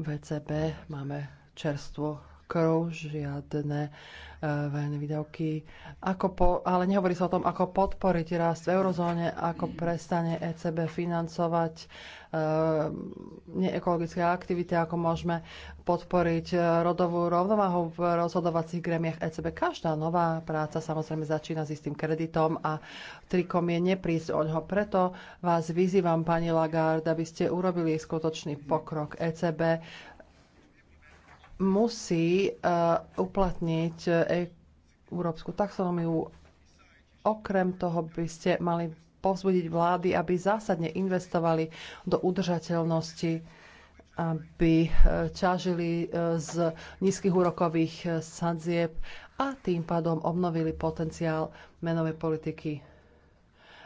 VCB máme čerstvo krov, žiadne e, verejné výdavky. Ako po, ale nehovorí sa o tom, ako podporiť rast v eurozóne, ako prestane ECB financovať e, neekologické aktivity, ako môžeme podporiť e, rodovú rovnováhu v rozhodovacích gremiach ECB. Každá nová práca samozrejme začína s istým kreditom a trikom je neprísť o ňo. Preto vás vyzývam, pani Lagarde, aby ste urobili skutočný pokrok. ECB musí eh, uplatniť eh, európsku taxonómiu. Okrem toho by ste mali povzbudiť vlády, aby zásadne investovali do udržateľnosti, aby eh, ťažili z nízkych úrokových sadzieb a tým pádom obnovili potenciál menovej politiky.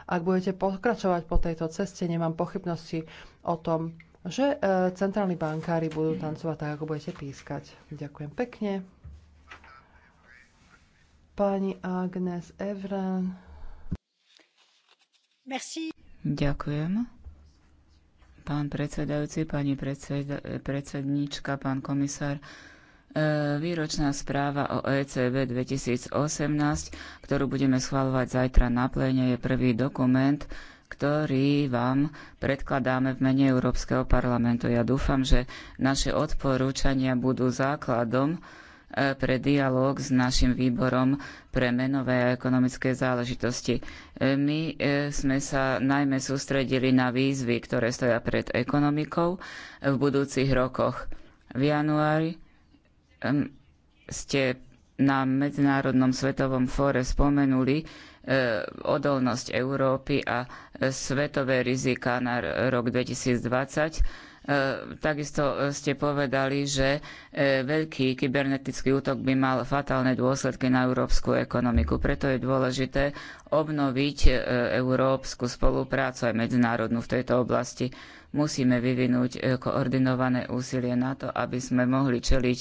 Ak budete pokračovať po tejto ceste, nemám pochybnosti o tom, že e, centrálni bankári budú tancovať tak, ako budete pískať. Ďakujem pekne. Pani Agnes Evran. Merci. Ďakujem. Pán predsedajúci, pani predseda, predsednička, pán komisár, e, výročná správa o ECB 2018, ktorú budeme schvalovať zajtra na pléne, je prvý dokument, ktorý vám predkladáme v mene Európskeho parlamentu. Ja dúfam, že naše odporúčania budú základom e, pre dialog s našim výborom pre menové a ekonomické záležitosti. E, my e, sme sa najmä sústredili na výzvy, ktoré stoja pred ekonomikou v budúcich rokoch. V januári ste na Medzinárodnom svetovom fóre spomenuli e, odolnosť Európy a svetové rizika na rok 2020. E, takisto ste povedali, že e, veľký kybernetický útok by mal fatálne dôsledky na európsku ekonomiku. Preto je dôležité obnoviť e, európsku spoluprácu aj medzinárodnú v tejto oblasti. Musíme vyvinúť e, koordinované úsilie na to, aby sme mohli čeliť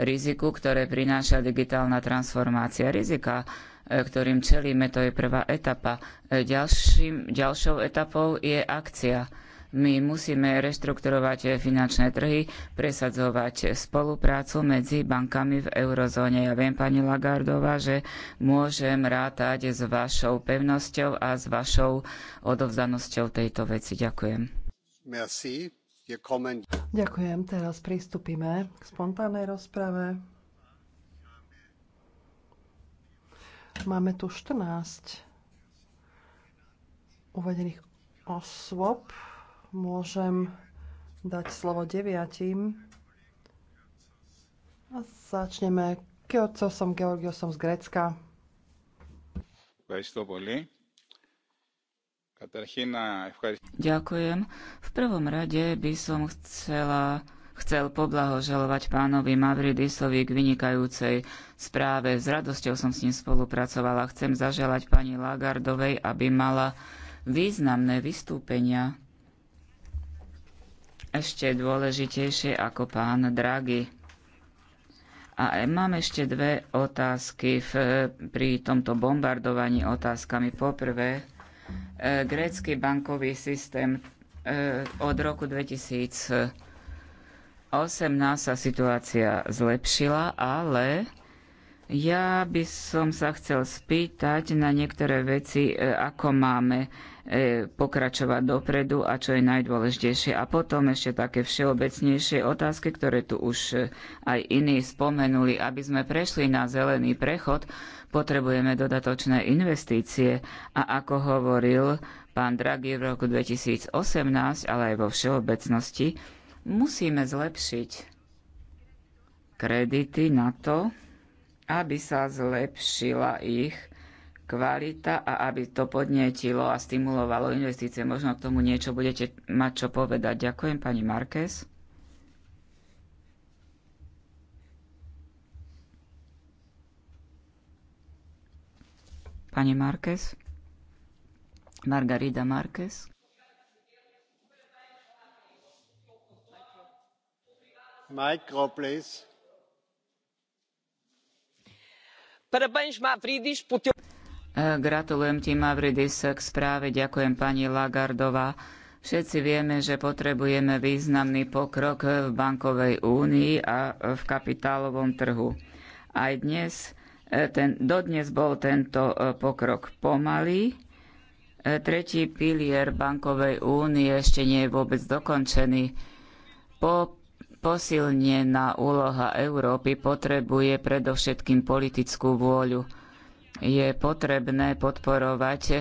riziku, ktoré prináša digitálna transformácia. Rizika, e, ktorým čelíme, to je prvá etapa. E, ďalším, ďalšou etapou je akcia. My musíme reštrukturovať finančné trhy, presadzovať spoluprácu medzi bankami v eurozóne. Ja viem, pani Lagardová, že môžem rátať s vašou pevnosťou a s vašou odovzdanosťou tejto veci. Ďakujem. Merci. Ďakujem. Teraz pristúpime k spontánnej rozprave. Máme tu 14 uvedených osôb. Môžem dať slovo deviatim. A začneme Kiocosom Georgiosom z Grécka. Ďakujem. V prvom rade by som chcela chcel poblahoželovať pánovi Mavridisovi k vynikajúcej správe. S radosťou som s ním spolupracovala. Chcem zaželať pani Lagardovej, aby mala významné vystúpenia. Ešte dôležitejšie ako pán Draghi. A mám ešte dve otázky v, pri tomto bombardovaní otázkami. Poprvé, E, grécky bankový systém. E, od roku 2018 sa situácia zlepšila, ale ja by som sa chcel spýtať na niektoré veci, e, ako máme e, pokračovať dopredu a čo je najdôležitejšie. A potom ešte také všeobecnejšie otázky, ktoré tu už e, aj iní spomenuli. Aby sme prešli na zelený prechod, potrebujeme dodatočné investície. A ako hovoril pán Draghi v roku 2018, ale aj vo všeobecnosti, musíme zlepšiť kredity na to, aby sa zlepšila ich kvalita a aby to podnietilo a stimulovalo investície. Možno k tomu niečo budete mať čo povedať. Ďakujem, pani Marquez. Pani Marquez? Margarida Marquez? Micro, please. E, gratulujem ti, Mavridis, k správe. Ďakujem pani Lagardová. Všetci vieme, že potrebujeme významný pokrok v bankovej únii a v kapitálovom trhu. Aj dnes, e, ten, dodnes bol tento e, pokrok pomalý. Tretí pilier bankovej únie ešte nie je vôbec dokončený. Po Posilnená úloha Európy potrebuje predovšetkým politickú vôľu. Je potrebné podporovať e,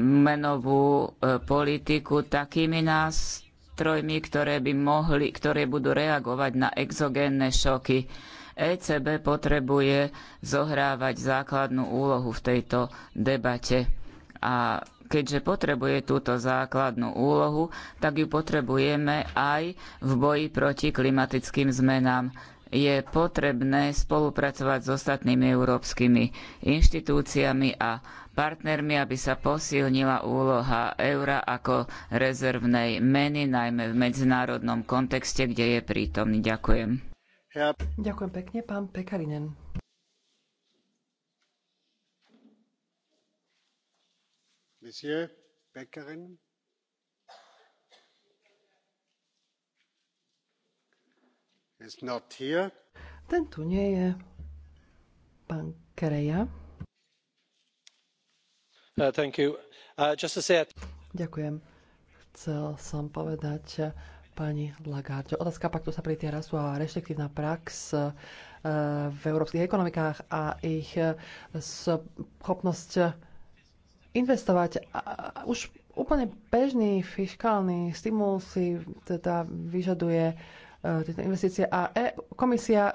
menovú e, politiku takými nástrojmi, ktoré, by mohli, ktoré budú reagovať na exogénne šoky. ECB potrebuje zohrávať základnú úlohu v tejto debate. A keďže potrebuje túto základnú úlohu, tak ju potrebujeme aj v boji proti klimatickým zmenám. Je potrebné spolupracovať s ostatnými európskymi inštitúciami a partnermi, aby sa posilnila úloha eura ako rezervnej meny, najmä v medzinárodnom kontexte, kde je prítomný. Ďakujem. Ďakujem pekne, pán Pekarinen. Ten tu nie je. Pán Kereja. Uh, thank you. Uh, just to say... Ďakujem. Chcel som povedať uh, pani Lagarde. Otázka paktu sa pritiera sú a reštriktívna prax uh, v európskych ekonomikách a ich uh, schopnosť investovať. A už úplne bežný fiskálny stimul si teda vyžaduje e, tieto investície a e, komisia e,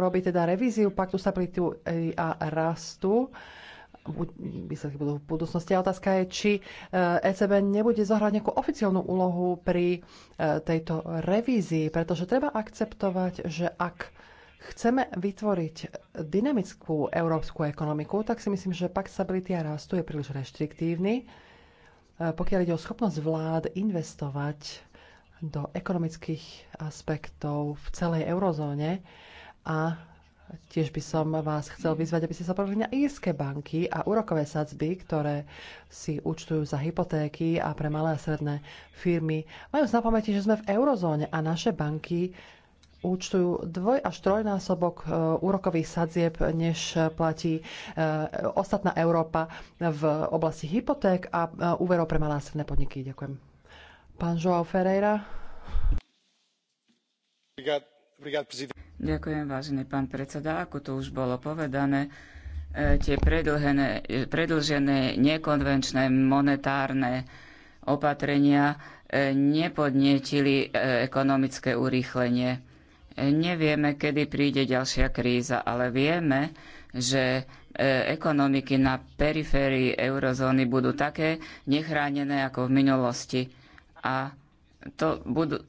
robí teda revíziu paktu stabilitu a rastu výsledky budú v budúcnosti. A otázka je, či ECB e nebude zohrať nejakú oficiálnu úlohu pri e, tejto revízii, pretože treba akceptovať, že ak chceme vytvoriť dynamickú európsku ekonomiku, tak si myslím, že pakt stability a rastu je príliš reštriktívny, e, pokiaľ ide o schopnosť vlád investovať do ekonomických aspektov v celej eurozóne a tiež by som vás chcel vyzvať, aby ste sa pozreli na írske banky a úrokové sadzby, ktoré si účtujú za hypotéky a pre malé a stredné firmy. Majú na pamäti, že sme v eurozóne a naše banky účtujú dvoj až trojnásobok e, úrokových sadzieb, než platí e, ostatná Európa v oblasti hypoték a e, úverov pre malé a stredné podniky. Ďakujem. Pán Joao Ferreira. Ďakujem, vážený pán predseda. Ako to už bolo povedané, tie predlžené nekonvenčné monetárne opatrenia nepodnietili ekonomické urýchlenie Nevieme, kedy príde ďalšia kríza, ale vieme, že e, ekonomiky na periférii eurozóny budú také nechránené ako v minulosti. A to budú,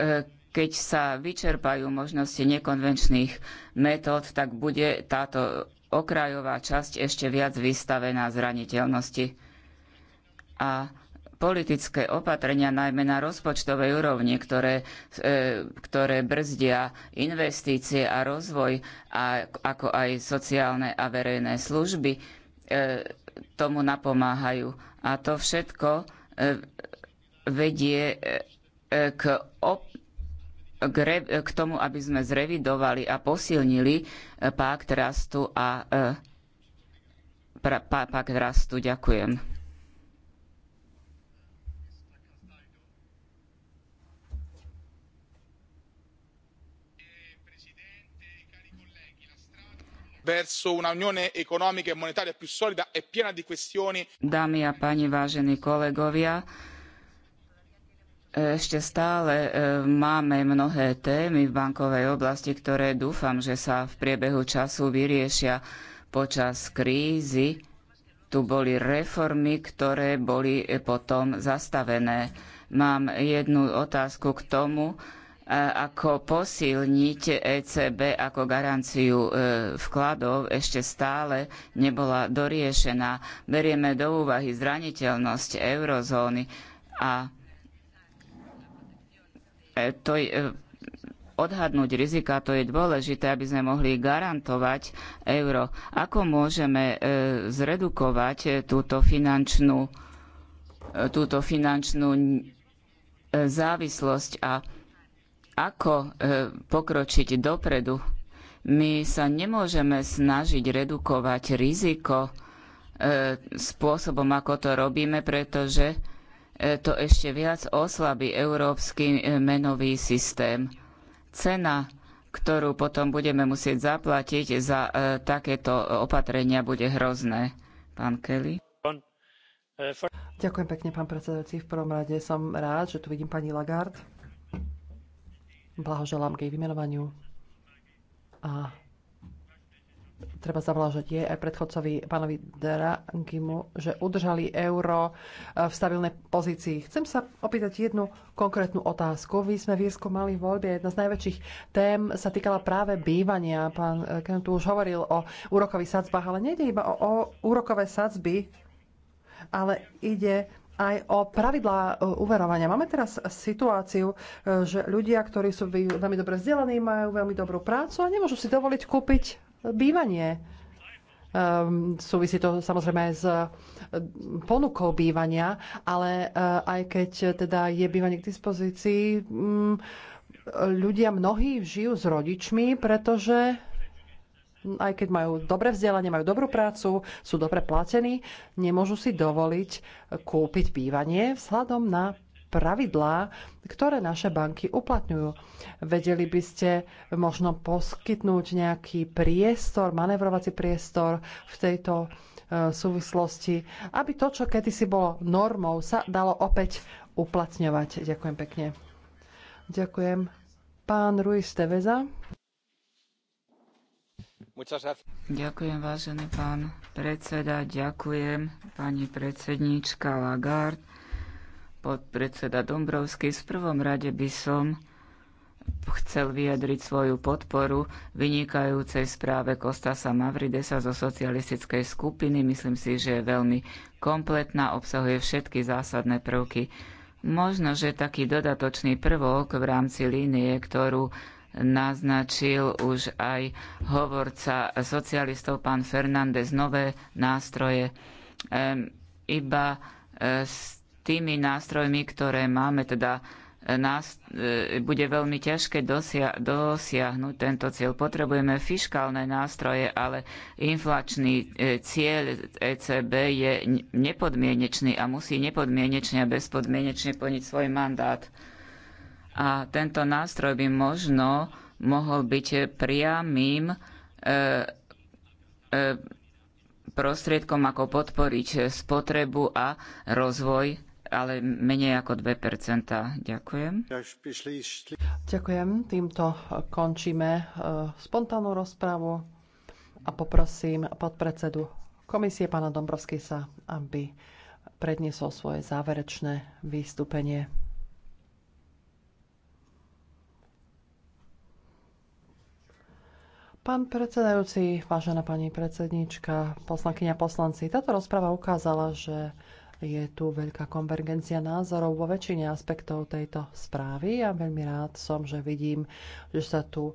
e, keď sa vyčerpajú možnosti nekonvenčných metód, tak bude táto okrajová časť ešte viac vystavená zraniteľnosti. A politické opatrenia, najmä na rozpočtovej úrovni, ktoré, e, ktoré brzdia investície a rozvoj, a, ako aj sociálne a verejné služby, e, tomu napomáhajú. A to všetko e, vedie k, op- k, re- k tomu, aby sme zrevidovali a posilnili pakt rastu a pra- pakt rastu. Ďakujem. verso un'unione economica e monetaria più solida e piena di questioni. Dámy a páni, vážení kolegovia, ešte stále e, máme mnohé témy v bankovej oblasti, ktoré dúfam, že sa v priebehu času vyriešia počas krízy. Tu boli reformy, ktoré boli potom zastavené. Mám jednu otázku k tomu, ako posilniť ECB ako garanciu e, vkladov ešte stále nebola doriešená. Berieme do úvahy zraniteľnosť eurozóny a e, to je, e, odhadnúť rizika, to je dôležité, aby sme mohli garantovať euro. Ako môžeme zredukovať túto finančnú, túto finančnú závislosť a ako e, pokročiť dopredu. My sa nemôžeme snažiť redukovať riziko e, spôsobom, ako to robíme, pretože e, to ešte viac oslabí európsky menový systém. Cena, ktorú potom budeme musieť zaplatiť za takéto opatrenia, bude hrozné. Pán Kelly. Ďakujem pekne, pán predsedajúci. V prvom rade som rád, že tu vidím pani Lagarde Blahoželám k jej vymenovaniu. A treba zavlážať jej aj predchodcovi pánovi Drangimu, že udržali euro e, v stabilnej pozícii. Chcem sa opýtať jednu konkrétnu otázku. Vy sme v mali v voľbe. Jedna z najväčších tém sa týkala práve bývania. Pán Ken tu už hovoril o úrokových sadzbách, ale nejde iba o, o úrokové sadzby, ale ide aj o pravidlá e, uverovania. Máme teraz situáciu, e, že ľudia, ktorí sú veľmi dobre vzdelaní, majú veľmi dobrú prácu a nemôžu si dovoliť kúpiť bývanie. Um, súvisí to samozrejme aj s e, ponukou bývania, ale uh, aj keď teda je bývanie k dispozícii, um, ľudia mnohí žijú s rodičmi, pretože aj keď majú dobre vzdelanie, majú dobrú prácu, sú dobre platení, nemôžu si dovoliť kúpiť bývanie vzhľadom na pravidlá, ktoré naše banky uplatňujú. Vedeli by ste možno poskytnúť nejaký priestor, manevrovací priestor v tejto e, súvislosti, aby to, čo kedysi bolo normou, sa dalo opäť uplatňovať. Ďakujem pekne. Ďakujem. Pán Ruiz Teveza. Ďakujem, vážený pán predseda, ďakujem pani predsedníčka Lagarde, podpredseda Dombrovský. V prvom rade by som chcel vyjadriť svoju podporu vynikajúcej správe Kostasa Mavridesa zo socialistickej skupiny. Myslím si, že je veľmi kompletná, obsahuje všetky zásadné prvky. Možno, že taký dodatočný prvok v rámci línie, ktorú naznačil už aj hovorca socialistov pán Fernández nové nástroje. iba e, s tými nástrojmi, ktoré máme, teda e, nás, e, bude veľmi ťažké dosia, dosiahnuť tento cieľ. Potrebujeme fiškálne nástroje, ale inflačný cieľ ECB je nepodmienečný a musí nepodmienečne a bezpodmienečne plniť svoj mandát. A tento nástroj by možno mohol byť priamým e, e, prostriedkom, ako podporiť spotrebu a rozvoj, ale menej ako 2%. Ďakujem. Ďakujem. Týmto končíme e, spontánnu rozpravu a poprosím podpredsedu komisie pána Dombrovskisa, aby predniesol svoje záverečné vystúpenie. Pán predsedajúci, vážená pani predsednička, poslankyňa poslanci, táto rozpráva ukázala, že je tu veľká konvergencia názorov vo väčšine aspektov tejto správy a ja veľmi rád som, že vidím, že sa tu e,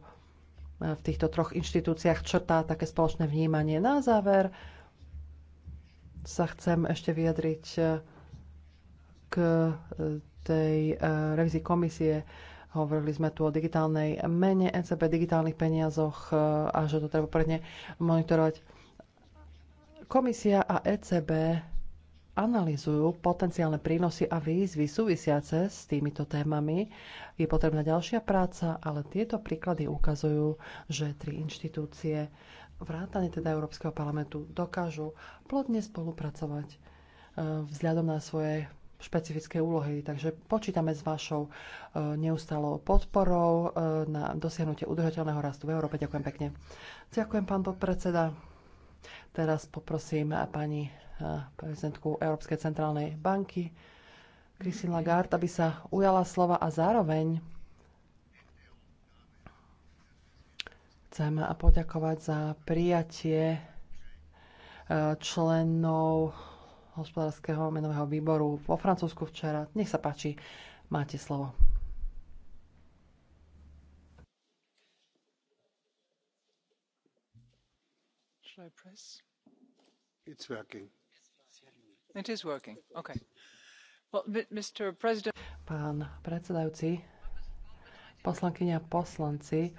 v týchto troch inštitúciách črtá také spoločné vnímanie. Na záver sa chcem ešte vyjadriť e, k e, tej revizii komisie Hovorili sme tu o digitálnej mene ECB, digitálnych peniazoch e, a že to treba predne monitorovať. Komisia a ECB analýzujú potenciálne prínosy a výzvy súvisiace s týmito témami. Je potrebná ďalšia práca, ale tieto príklady ukazujú, že tri inštitúcie, vrátane teda Európskeho parlamentu, dokážu plodne spolupracovať e, vzhľadom na svoje špecifické úlohy. Takže počítame s vašou e, neustálou podporou e, na dosiahnutie udržateľného rastu v Európe. Ďakujem pekne. Ďakujem, pán podpredseda. Teraz poprosím pani e, prezidentku Európskej centrálnej banky Christine Lagarde, aby sa ujala slova a zároveň chcem poďakovať za prijatie členov hospodárskeho menového výboru vo Francúzsku včera. Nech sa páči, máte slovo. Should I press? It's working. It is working. Okay. Well, Mr. President... Pán predsedajúci, poslankyňa poslanci,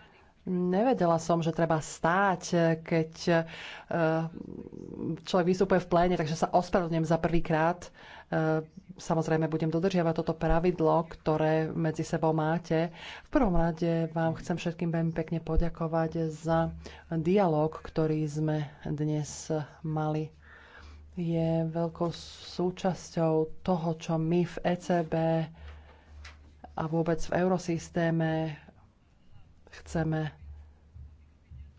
Nevedela som, že treba stáť, keď e, človek vystupuje v pléne, takže sa ospravedlňujem za prvýkrát. E, samozrejme, budem dodržiavať toto pravidlo, ktoré medzi sebou máte. V prvom rade vám chcem všetkým veľmi pekne poďakovať za dialog, ktorý sme dnes mali. Je veľkou súčasťou toho, čo my v ECB a vôbec v eurosystéme chceme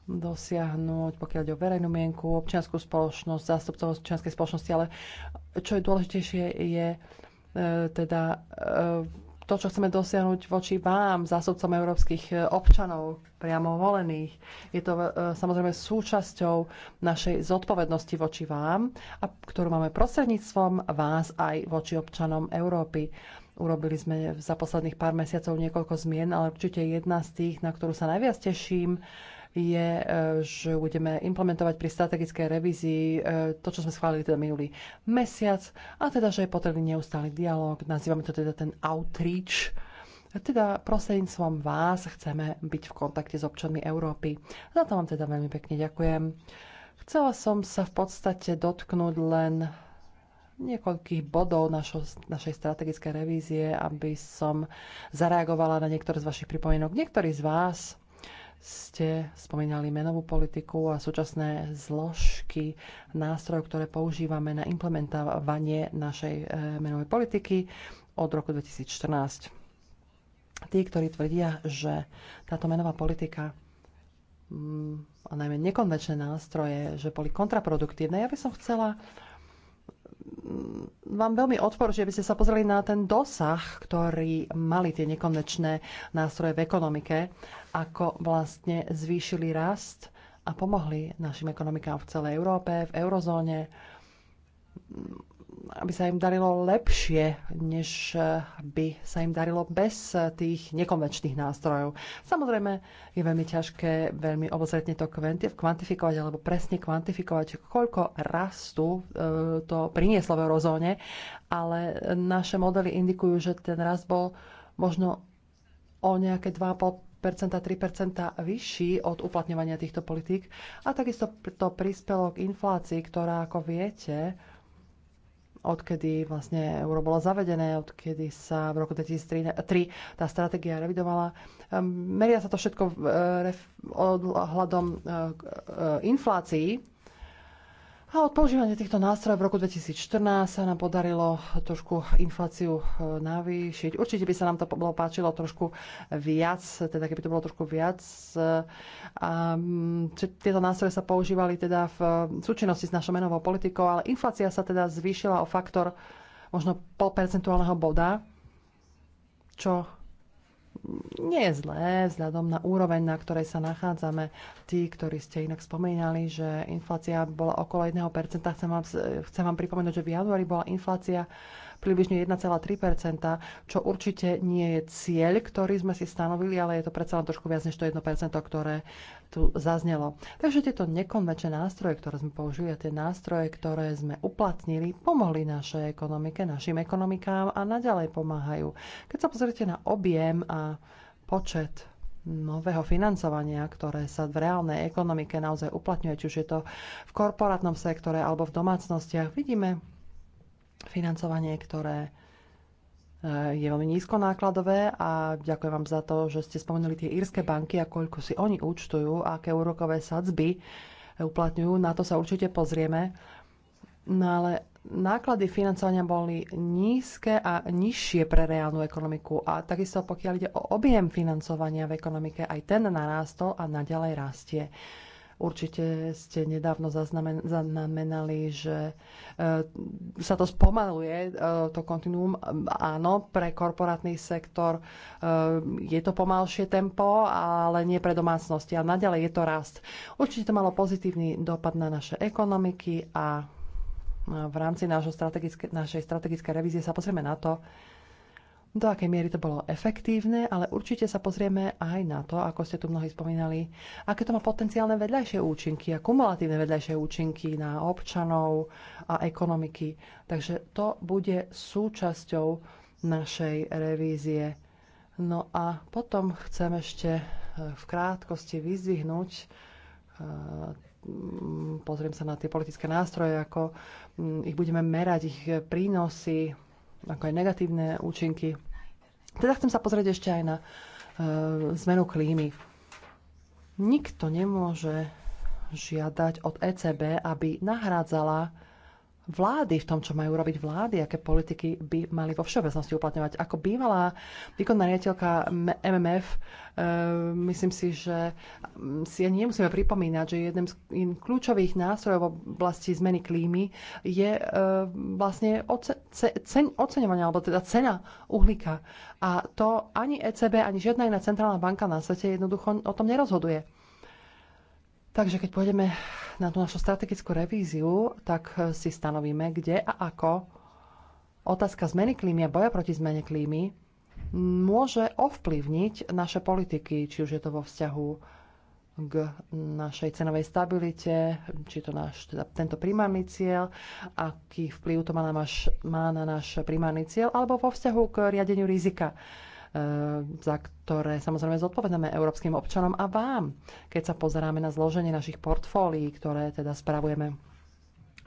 dosiahnuť, pokiaľ ide o verejnú mienku, občianskú spoločnosť, zástupcov občianskej spoločnosti, ale čo je dôležitejšie je e, teda e, to, čo chceme dosiahnuť voči vám, zásobcom európskych e, občanov, priamo volených. Je to samozrejme súčasťou našej zodpovednosti voči vám, a ktorú máme prostredníctvom vás aj voči občanom Európy. Urobili sme za posledných pár mesiacov niekoľko zmien, ale určite jedna z tých, na ktorú sa najviac teším, je, e, že budeme implementovať pri strategickej revízii e, to, čo sme schválili teda minulý mesiac, a teda, že je potrebný neustály dialog, nazývame to teda ten outreach, teda prostredníctvom vás chceme byť v kontakte s občanmi Európy. Za to vám teda veľmi pekne ďakujem. Chcela som sa v podstate dotknúť len niekoľkých bodov našo, našej strategickej revízie, aby som zareagovala na niektoré z vašich pripomienok. Niektorí z vás ste spomínali menovú politiku a súčasné zložky nástrojov, ktoré používame na implementovanie našej eh, menovej politiky od roku 2014. Tí, ktorí tvrdia, že táto menová politika mm, a najmä nekonvenčné nástroje, že boli kontraproduktívne. Ja by som chcela vám mm, veľmi že aby ste sa pozreli na ten dosah, ktorý mali tie nekonečné nástroje v ekonomike, ako vlastne zvýšili rast a pomohli našim ekonomikám v celej Európe, v eurozóne aby sa im darilo lepšie, než eh, by sa im darilo bez eh, tých nekonvenčných nástrojov. Samozrejme, je veľmi ťažké veľmi obozretne to kvantifikovať alebo presne kvantifikovať, koľko rastu eh, to prinieslo v eurozóne, ale naše modely indikujú, že ten rast bol možno o nejaké 2,5 3% vyšší od uplatňovania týchto politík a takisto to prispelo k inflácii, ktorá, ako viete, odkedy vlastne euro bolo zavedené, odkedy sa v roku 2003 tá stratégia revidovala. Ehm, meria sa to všetko e, ohľadom e, e, inflácií, a od používania týchto nástrojov v roku 2014 sa nám podarilo trošku infláciu e, navýšiť. Určite by sa nám to bolo páčilo trošku viac, teda keby to bolo trošku viac. E, a, mm, tieto nástroje sa používali teda v súčinnosti s našou menovou politikou, ale inflácia sa teda zvýšila o faktor možno pol percentuálneho boda, čo nie je zlé vzhľadom na úroveň, na ktorej sa nachádzame. Tí, ktorí ste inak spomínali, že inflácia bola okolo 1%, chcem vám, chcem vám pripomenúť, že v januári bola inflácia približne 1,3 čo určite nie je cieľ, ktorý sme si stanovili, ale je to predsa len trošku viac než to 1 ktoré tu zaznelo. Takže tieto nekonvenčné nástroje, ktoré sme použili a tie nástroje, ktoré sme uplatnili, pomohli našej ekonomike, našim ekonomikám a naďalej pomáhajú. Keď sa pozriete na objem a počet nového financovania, ktoré sa v reálnej ekonomike naozaj uplatňuje, či už je to v korporátnom sektore alebo v domácnostiach, vidíme, financovanie, ktoré e, je veľmi nízko nákladové a ďakujem vám za to, že ste spomenuli tie írske banky a koľko si oni účtujú, aké úrokové sadzby uplatňujú. Na to sa určite pozrieme. No ale náklady financovania boli nízke a nižšie pre reálnu ekonomiku. A takisto pokiaľ ide o objem financovania v ekonomike, aj ten narástol a naďalej rastie. Určite ste nedávno zaznamenali, že e, sa to spomaluje, e, to kontinuum. Áno, pre korporátny sektor e, je to pomalšie tempo, ale nie pre domácnosti. A naďalej je to rast. Určite to malo pozitívny dopad na naše ekonomiky a v rámci našej strategické, našej strategické revízie sa pozrieme na to, do akej miery to bolo efektívne, ale určite sa pozrieme aj na to, ako ste tu mnohí spomínali, aké to má potenciálne vedľajšie účinky a kumulatívne vedľajšie účinky na občanov a ekonomiky. Takže to bude súčasťou našej revízie. No a potom chcem ešte e, v krátkosti vyzvihnúť e, pozriem sa na tie politické nástroje, ako ich budeme merať, ich prínosy, ako aj negatívne účinky. Teda chcem sa pozrieť ešte aj na e, zmenu klímy. Nikto nemôže žiadať od ECB, aby nahrádzala vlády v tom, čo majú robiť vlády, aké politiky by mali vo všeobecnosti uplatňovať. Ako bývalá výkonná riaditeľka MMF, eh, myslím si, že mm, si ani nemusíme pripomínať, že jedným z kľúčových nástrojov v oblasti zmeny klímy je eh, vlastne oceňovanie, alebo teda cena uhlíka. A to ani ECB, ani žiadna iná centrálna banka na svete jednoducho o tom nerozhoduje. Takže keď pôjdeme na tú našu strategickú revíziu, tak si stanovíme, kde a ako otázka zmeny klímy a boja proti zmene klímy môže ovplyvniť naše politiky, či už je to vo vzťahu k našej cenovej stabilite, či to náš, teda tento primárny cieľ, aký vplyv to má na, naš, má na náš primárny cieľ, alebo vo vzťahu k riadeniu rizika. Eh, za ktoré samozrejme zodpovedáme európskym občanom a vám, keď sa pozeráme na zloženie našich portfólií, ktoré teda spravujeme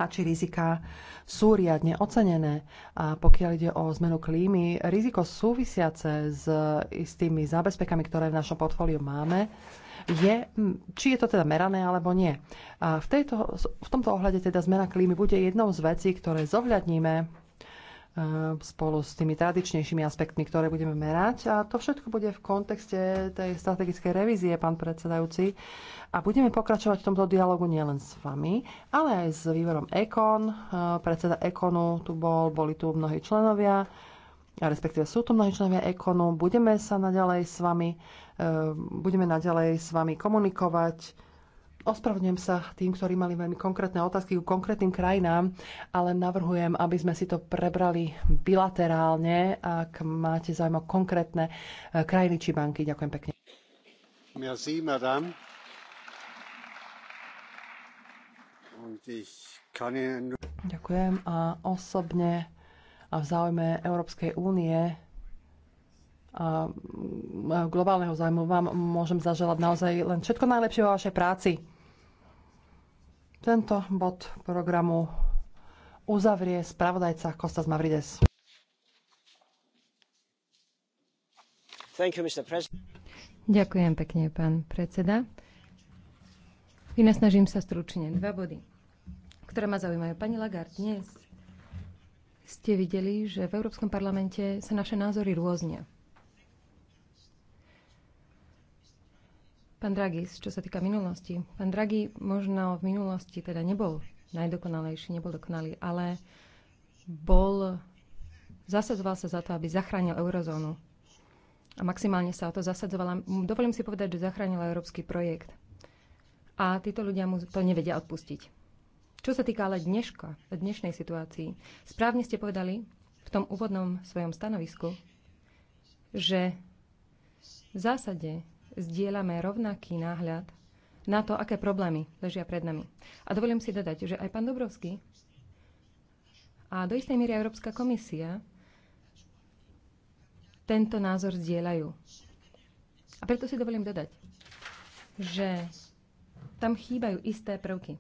a či rizika sú riadne ocenené. A pokiaľ ide o zmenu klímy, riziko súvisiace s istými zábezpekami, ktoré v našom portfóliu máme, je, hm, či je to teda merané alebo nie. A v, tejto, v tomto ohľade teda zmena klímy bude jednou z vecí, ktoré zohľadníme Eh, spolu s tými tradičnejšími aspektmi, ktoré budeme merať. A to všetko bude v kontexte tej strategickej revízie, pán predsedajúci. A budeme pokračovať v tomto dialogu nielen s vami, ale aj s výborom Ekon. Eh, predseda Ekonu tu bol, boli tu mnohí členovia, respektíve sú tu mnohí členovia Ekonu. Budeme sa naďalej s vami, eh, budeme naďalej s vami komunikovať Ospravedlňujem sa tým, ktorí mali veľmi konkrétne otázky ku konkrétnym krajinám, ale navrhujem, aby sme si to prebrali bilaterálne, ak máte záujem o konkrétne eh, krajiny či banky. Ďakujem pekne. Merci, madame. Ďakujem a osobne a v záujme Európskej únie mm, a globálneho zájmu vám môžem zaželať naozaj len všetko najlepšie vo vašej práci. Tento bod programu uzavrie spravodajca Kostas Mavrides. Ďakujem pekne, pán predseda. nasnažím sa stručne. Dva body, ktoré ma zaujímajú. Pani Lagarde, dnes ste videli, že v Európskom parlamente sa naše názory rôznia. Pán Draghi, čo sa týka minulosti. Pán Draghi možno v minulosti teda nebol najdokonalejší, nebol dokonalý, ale bol, zasadzoval sa za to, aby zachránil eurozónu. A maximálne sa o to zasadzovala. Dovolím si povedať, že zachránila európsky projekt. A títo ľudia mu to nevedia odpustiť. Čo sa týka ale dneška, dnešnej situácii, správne ste povedali v tom úvodnom svojom stanovisku, že v zásade zdieľame rovnaký náhľad na to, aké problémy ležia pred nami. A dovolím si dodať, že aj pán Dobrovský a do istej miery Európska komisia tento názor zdieľajú. A preto si dovolím dodať, že tam chýbajú isté prvky.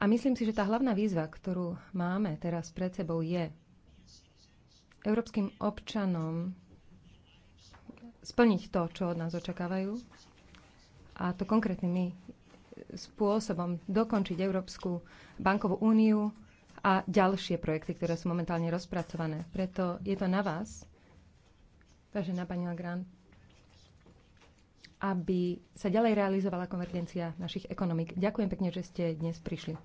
A myslím si, že tá hlavná výzva, ktorú máme teraz pred sebou, je európskym občanom splniť to, čo od nás očakávajú a to konkrétnymi spôsobom dokončiť Európsku bankovú úniu a ďalšie projekty, ktoré sú momentálne rozpracované. Preto je to na vás, vážená pani Legrand, aby sa ďalej realizovala konvergencia našich ekonomik. Ďakujem pekne, že ste dnes prišli.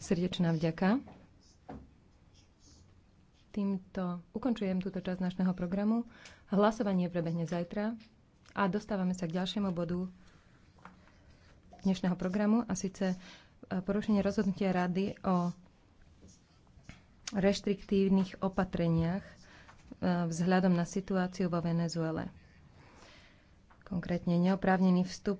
Srdečná vďaka. Týmto ukončujem túto časť našného programu. Hlasovanie prebehne zajtra a dostávame sa k ďalšiemu bodu dnešného programu a síce e, porušenie rozhodnutia rady o reštriktívnych opatreniach e, vzhľadom na situáciu vo Venezuele. Konkrétne neoprávnený vstup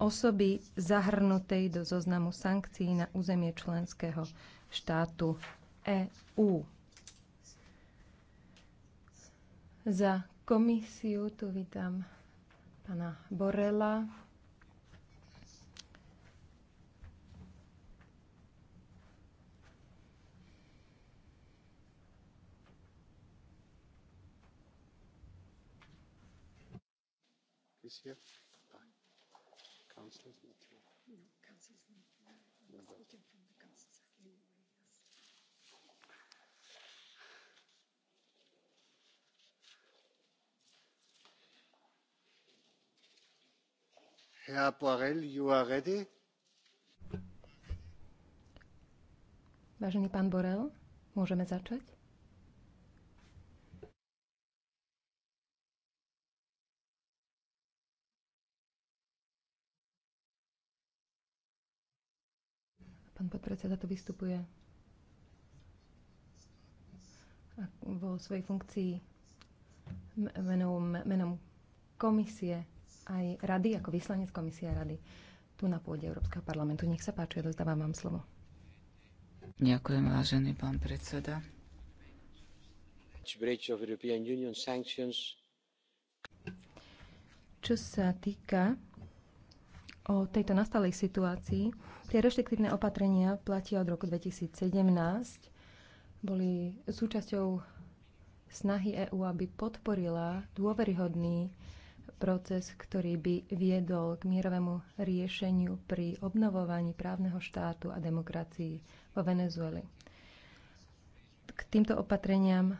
osoby zahrnutej do zoznamu sankcií na územie členského štátu EÚ. Za komisiu tu vítam pana Borela. Ďakujem. Vážený pán Borel, môžeme začať? Pán podpredseda tu vystupuje vo svojej funkcii menom, menom komisie aj rady, ako vyslanec komisia rady tu na pôde Európskeho parlamentu. Nech sa páči, ja dozdávam vám slovo. Ďakujem, vážený pán predseda. Čo sa týka o tejto nastalej situácii, tie reštriktívne opatrenia platia od roku 2017. Boli súčasťou snahy EÚ, aby podporila dôveryhodný proces, ktorý by viedol k mierovému riešeniu pri obnovovaní právneho štátu a demokracii vo Venezueli. K týmto opatreniam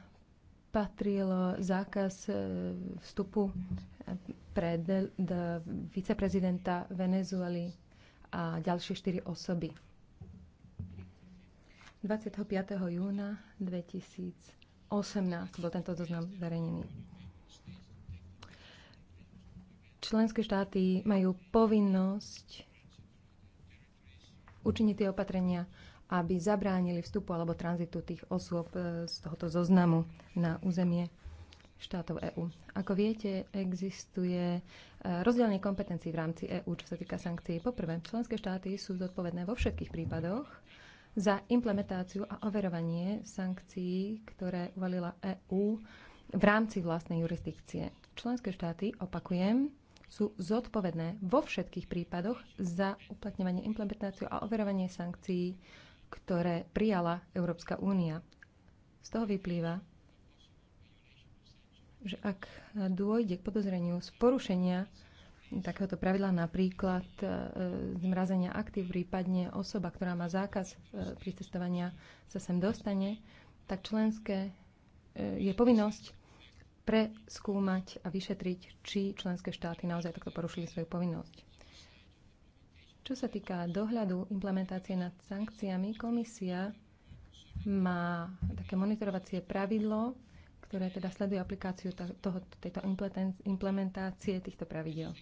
patril zákaz e, vstupu e, pre de, de, viceprezidenta Venezuely a ďalšie štyri osoby. 25. júna 2018 bol tento zoznam zverejnený členské štáty majú povinnosť učiniť tie opatrenia, aby zabránili vstupu alebo tranzitu tých osôb e, z tohoto zoznamu na územie štátov EÚ. Ako viete, existuje e, rozdielne kompetencií v rámci EÚ, čo sa týka sankcií. Poprvé, členské štáty sú zodpovedné vo všetkých prípadoch za implementáciu a overovanie sankcií, ktoré uvalila EÚ v rámci vlastnej jurisdikcie. Členské štáty, opakujem, sú zodpovedné vo všetkých prípadoch za uplatňovanie, implementáciu a overovanie sankcií, ktoré prijala Európska únia. Z toho vyplýva, že ak dôjde k podozreniu z porušenia takéhoto pravidla, napríklad e, zmrazenia aktív, prípadne osoba, ktorá má zákaz e, sa sem dostane, tak členské e, je povinnosť preskúmať a vyšetriť, či členské štáty naozaj takto porušili svoju povinnosť. Čo sa týka dohľadu implementácie nad sankciami, komisia má také monitorovacie pravidlo, ktoré teda sleduje aplikáciu toho, tejto implementácie týchto pravidel.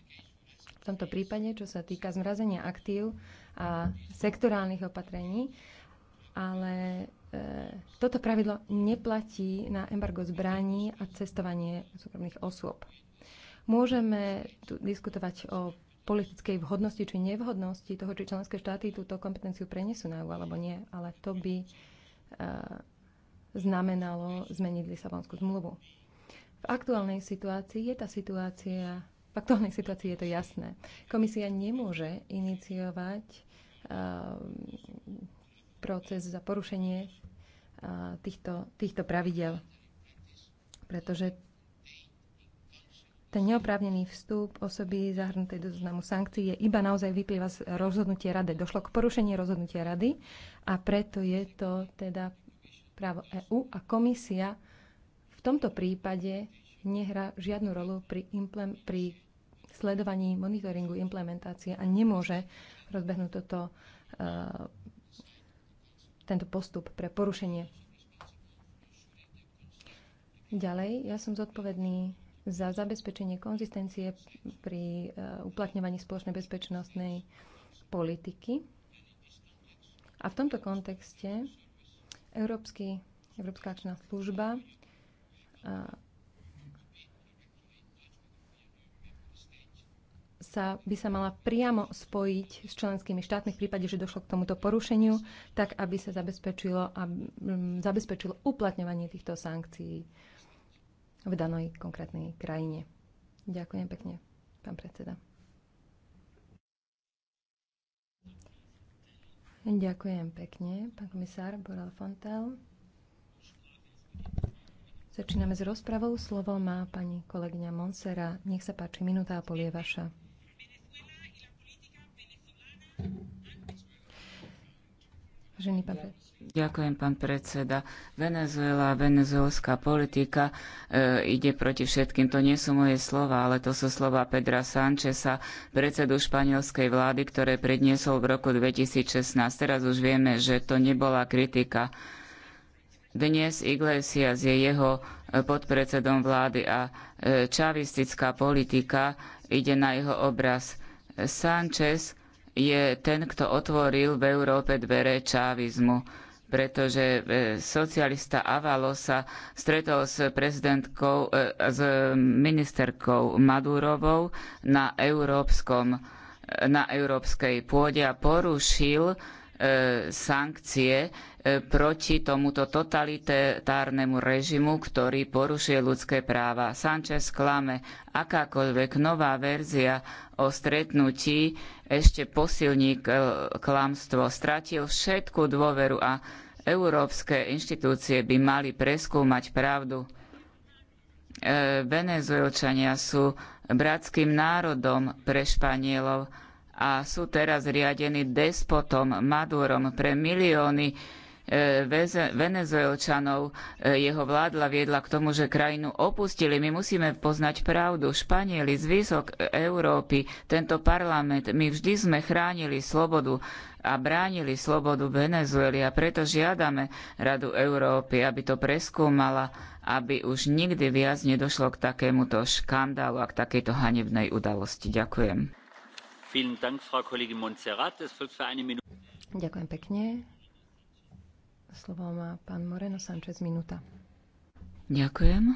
V tomto prípade, čo sa týka zmrazenia aktív a sektorálnych opatrení, ale E, toto pravidlo neplatí na embargo zbraní a cestovanie súkromných osôb. Môžeme tu diskutovať o politickej vhodnosti či nevhodnosti toho, či členské štáty túto kompetenciu prenesú na EU alebo nie, ale to by e, znamenalo zmeniť Lisabonskú zmluvu. V aktuálnej situácii je tá situácia, v aktuálnej situácii je to jasné. Komisia nemôže iniciovať uh, proces za porušenie týchto, týchto pravidel. Pretože ten neoprávnený vstup osoby zahrnutej do znamu sankcií je iba naozaj vyplýva z rozhodnutia rady. Došlo k porušeniu rozhodnutia rady a preto je to teda právo EÚ a komisia v tomto prípade nehrá žiadnu rolu pri, pri sledovaní monitoringu implementácie a nemôže rozbehnúť toto uh, tento postup pre porušenie. Ďalej, ja som zodpovedný za zabezpečenie konzistencie pri e, uplatňovaní spoločnej bezpečnostnej politiky. A v tomto kontexte Európsky, Európska akčná služba sa, by sa mala priamo spojiť s členskými štátmi v prípade, že došlo k tomuto porušeniu, tak aby sa zabezpečilo, a, zabezpečilo uplatňovanie týchto sankcií v danej konkrétnej krajine. Ďakujem pekne, pán predseda. Ďakujem pekne, pán komisár Borel Fontel. Začíname s rozpravou. Slovo má pani kolegyňa Monsera. Nech sa páči, minúta a polie vaša. Vážený pán predseda. Ďakujem, pán predseda. Venezuela a venezuelská politika e, ide proti všetkým. To nie sú moje slova, ale to sú slova Pedra Sancheza, predsedu španielskej vlády, ktoré predniesol v roku 2016. Teraz už vieme, že to nebola kritika. Dnes Iglesias je jeho e, podpredsedom vlády a e, čavistická politika ide na jeho obraz. Sanchez je ten, kto otvoril v Európe dvere čávizmu pretože e, socialista Avalo sa stretol s prezidentkou, e, s ministerkou Madurovou na, európskom, na európskej pôde a porušil e, sankcie E, proti tomuto totalitárnemu režimu, ktorý porušuje ľudské práva. Sanchez klame, akákoľvek nová verzia o stretnutí ešte posilní e, klamstvo. Stratil všetku dôveru a európske inštitúcie by mali preskúmať pravdu. E, Venezuelčania sú bratským národom pre Španielov a sú teraz riadení despotom Madurom pre milióny venezuelčanov e, jeho vládla viedla k tomu, že krajinu opustili. My musíme poznať pravdu. Španieli zvyšok Európy, tento parlament, my vždy sme chránili slobodu a bránili slobodu Venezuely a preto žiadame Radu Európy, aby to preskúmala, aby už nikdy viac nedošlo k takémuto škandálu a k takejto hanebnej udalosti. Ďakujem. Ďakujem pekne. Slovo má pán Moreno Sanchez, minúta. Ďakujem.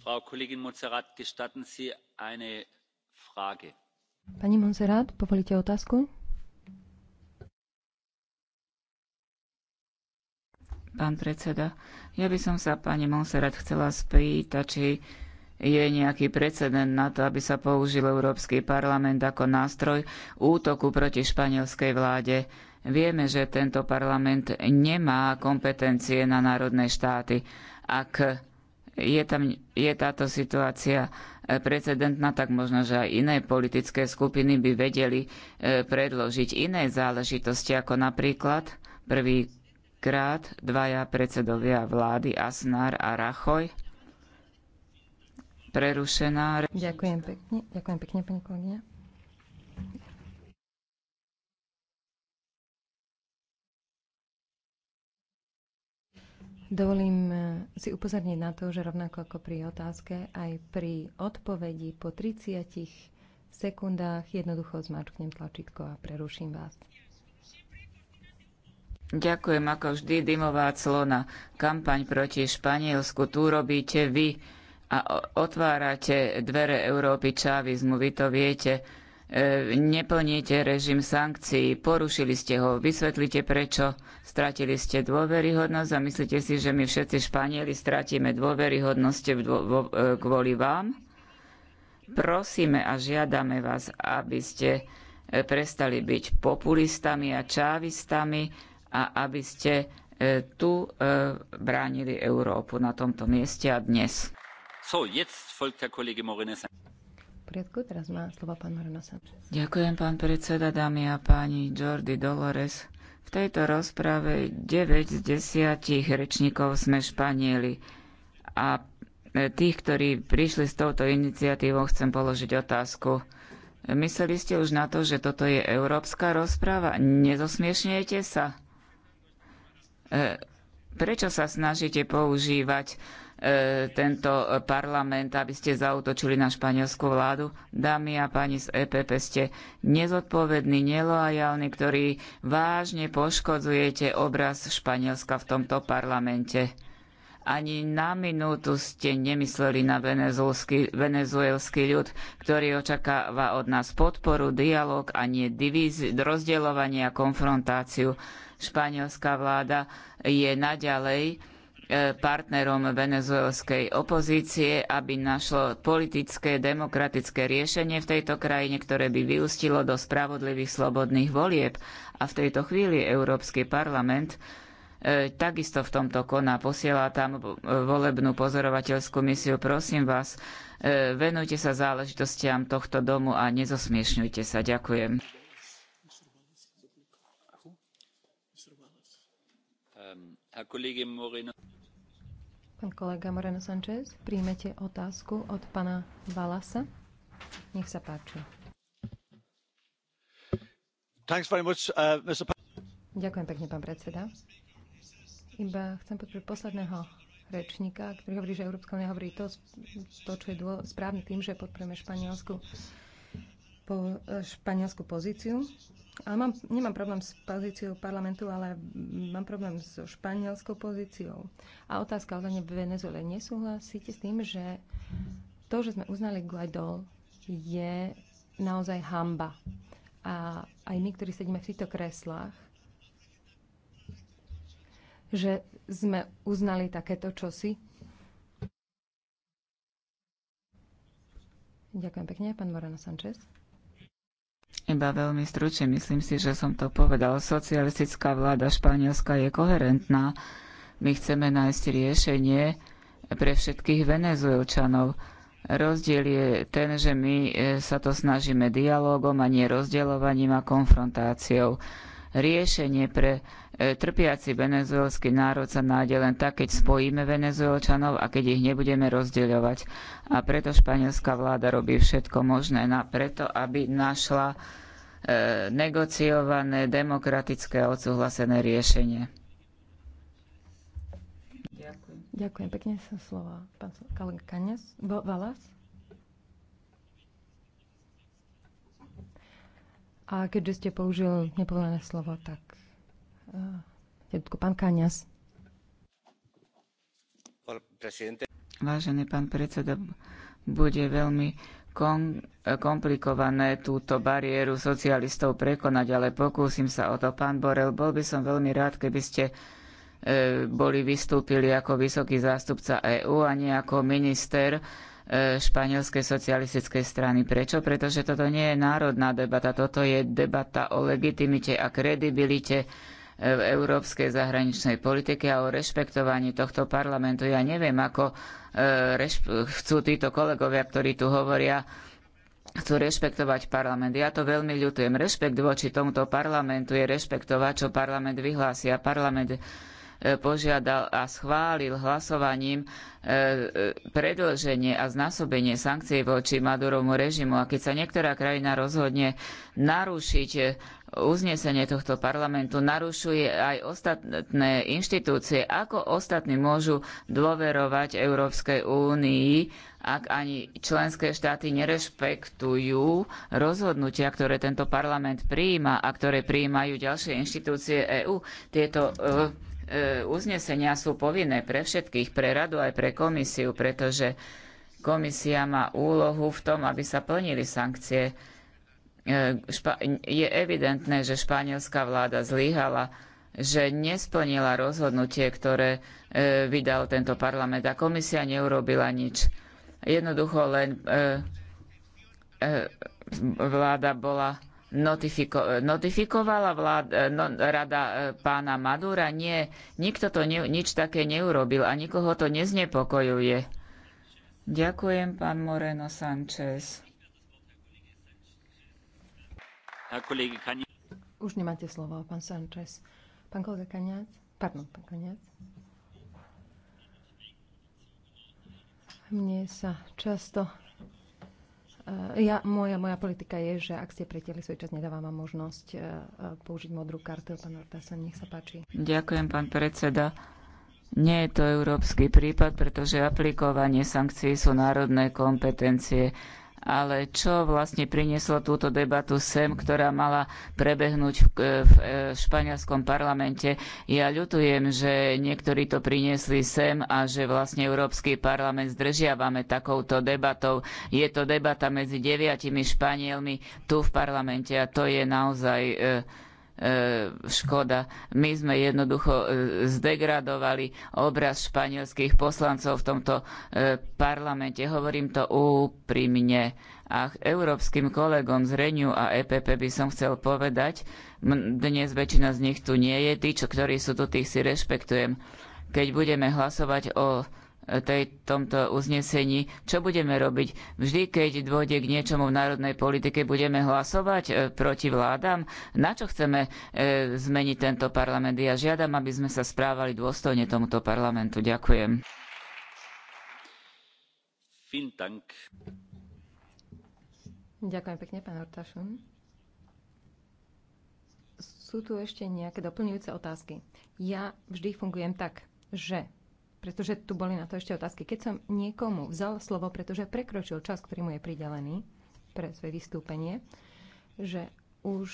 Frau Kollegin Monserrat, gestatten Sie eine Frage? Pani Monserrat, povolíte otázku? Pán predseda, ja by som sa pani Monserrat chcela spýtať, či je nejaký precedent na to, aby sa použil Európsky parlament ako nástroj útoku proti španielskej vláde. Vieme, že tento parlament nemá kompetencie na národné štáty. Ak je, tam, je táto situácia eh, precedentná, tak možno, že aj iné politické skupiny by vedeli eh, predložiť iné záležitosti, ako napríklad prvýkrát dvaja predsedovia vlády Asnar a Rachoj. Prerušená. Ďakujem pekne, ďakujem pekne, pani kolegyňa. Dovolím eh, si upozorniť na to, že rovnako ako pri otázke, aj pri odpovedi po 30 sekundách jednoducho zmačknem tlačítko a preruším vás. Ďakujem ako vždy, dymová clona. Kampaň proti Španielsku, tu robíte vy a otvárate dvere Európy čávizmu, vy to viete E, neplníte režim sankcií, porušili ste ho, vysvetlite prečo, stratili ste dôveryhodnosť a myslíte si, že my všetci Španieli stratíme dôveryhodnosť e, kvôli vám? Prosíme a žiadame vás, aby ste e, prestali byť populistami a čávistami a aby ste tu bránili Európu na tomto mieste a dnes. So, jetzt folgt Herr Kollege Morines poriadku. Teraz má slovo pán Marino Sanchez. Ďakujem, pán predseda, dámy a páni Jordi Dolores. V tejto rozprave 9 z 10 rečníkov sme Španieli. A e, tých, ktorí prišli s touto iniciatívou, chcem položiť otázku. Mysleli ste už na to, že toto je európska rozpráva? Nezosmiešňujete sa? E, prečo sa snažíte používať E, tento parlament, aby ste zautočili na španielskú vládu. Dámy a páni z EPP, ste nezodpovední, nelojálni, ktorí vážne poškodzujete obraz Španielska v tomto parlamente. Ani na minútu ste nemysleli na venezuelský ľud, ktorý očakáva od nás podporu, dialog a nie divízi, rozdeľovanie a konfrontáciu. Španielská vláda je naďalej partnerom venezuelskej opozície, aby našlo politické, demokratické riešenie v tejto krajine, ktoré by vyústilo do spravodlivých slobodných volieb. A v tejto chvíli Európsky parlament e, takisto v tomto koná posiela tam volebnú pozorovateľskú misiu. Prosím vás, e, venujte sa záležitostiam tohto domu a nezosmiešňujte sa. Ďakujem. Um, Pán kolega Moreno Sanchez, príjmete otázku od pana Valasa. Nech sa páči. Much, uh, Ďakujem pekne, pán predseda. Iba chcem podporiť posledného rečníka, ktorý hovorí, že Európska únia hovorí to, to čo je správne tým, že podporujeme španielsku, po, španielsku pozíciu. A mám, nemám problém s pozíciou parlamentu, ale mám problém so španielskou pozíciou. A otázka o zane Venezuele. Nesúhlasíte s tým, že to, že sme uznali Guaidó, je naozaj hamba. A aj my, ktorí sedíme v týchto kreslách, že sme uznali takéto čosi. Ďakujem pekne, pán Moreno Sanchez. Iba veľmi stručne, myslím si, že som to povedal. Socialistická vláda Španielska je koherentná. My chceme nájsť riešenie pre všetkých venezuelčanov. Rozdiel je ten, že my e, sa to snažíme dialogom a nie rozdielovaním a konfrontáciou riešenie pre e, trpiaci venezuelský národ sa nájde len tak, keď spojíme venezuelčanov a keď ich nebudeme rozdeľovať. A preto španielská vláda robí všetko možné na preto, aby našla e, negociované, demokratické a odsúhlasené riešenie. Ďakujem. Ďakujem pekne slova. Pán Kalas Valas. A keďže ste použil nepovolené slovo, tak... Uh, pán Káňas. Vážený pán predseda, bude veľmi komplikované túto bariéru socialistov prekonať, ale pokúsim sa o to. Pán Borel, bol by som veľmi rád, keby ste eh, boli vystúpili ako vysoký zástupca EÚ a nie ako minister E, španielskej socialistickej strany. Prečo? Pretože toto nie je národná debata, toto je debata o legitimite a kredibilite e, v európskej zahraničnej politike a o rešpektovaní tohto parlamentu. Ja neviem, ako e, chcú títo kolegovia, ktorí tu hovoria, chcú rešpektovať parlament. Ja to veľmi ľutujem. Rešpekt voči tomuto parlamentu je rešpektovať, čo parlament vyhlási. A parlament E, požiadal a schválil hlasovaním e, e, predĺženie a znásobenie sankcií voči Madurovmu režimu. A keď sa niektorá krajina rozhodne narušiť uznesenie tohto parlamentu, narušuje aj ostatné inštitúcie. Ako ostatní môžu dôverovať Európskej únii, ak ani členské štáty nerešpektujú rozhodnutia, ktoré tento parlament prijíma a ktoré prijímajú ďalšie inštitúcie EÚ? Tieto uh, E, uznesenia sú povinné pre všetkých, pre radu aj pre komisiu, pretože komisia má úlohu v tom, aby sa plnili sankcie. E, je evidentné, že španielská vláda zlyhala, že nesplnila rozhodnutie, ktoré e, vydal tento parlament a komisia neurobila nič. Jednoducho len vláda bola notifiko- notifikovala vlád, e, no, rada e, pána Madura? Nie, nikto to ne, nič také neurobil a nikoho to neznepokojuje. Ďakujem, pán Moreno Sanchez. Už nemáte slovo, pán Sanchez. Pán kolega Kaniac? Pardon, pán Kaniac. Mne sa často E, ja, moja, moja politika je, že ak ste pretiahli svoj čas, nedávam vám možnosť e, e, použiť modrú kartu. Pán Ortasen, nech sa páči. Ďakujem, pán predseda. Nie je to európsky prípad, pretože aplikovanie sankcií sú národné kompetencie ale čo vlastne prinieslo túto debatu sem, ktorá mala prebehnúť v, e, e, španielskom parlamente. Ja ľutujem, že niektorí to priniesli sem a že vlastne Európsky parlament zdržiavame takouto debatou. Je to debata medzi deviatimi Španielmi tu v parlamente a to je naozaj e, E, škoda. My sme jednoducho e, zdegradovali obraz španielských poslancov v tomto e, parlamente. Hovorím to úprimne. A európskym kolegom z Reniu a EPP by som chcel povedať, dnes väčšina z nich tu nie je, tí, čo, ktorí sú tu, tých si rešpektujem. Keď budeme hlasovať o tej, tomto uznesení, čo budeme robiť. Vždy, keď dôjde k niečomu v národnej politike, budeme hlasovať e, proti vládam. Na čo chceme e, zmeniť tento parlament? Ja žiadam, aby sme sa správali dôstojne tomuto parlamentu. Ďakujem. Ďakujem pekne, pán Hortašun. Sú tu ešte nejaké doplňujúce otázky? Ja vždy fungujem tak, že pretože tu boli na to ešte otázky. Keď som niekomu vzal slovo, pretože prekročil čas, ktorý mu je pridelený pre svoje vystúpenie, že už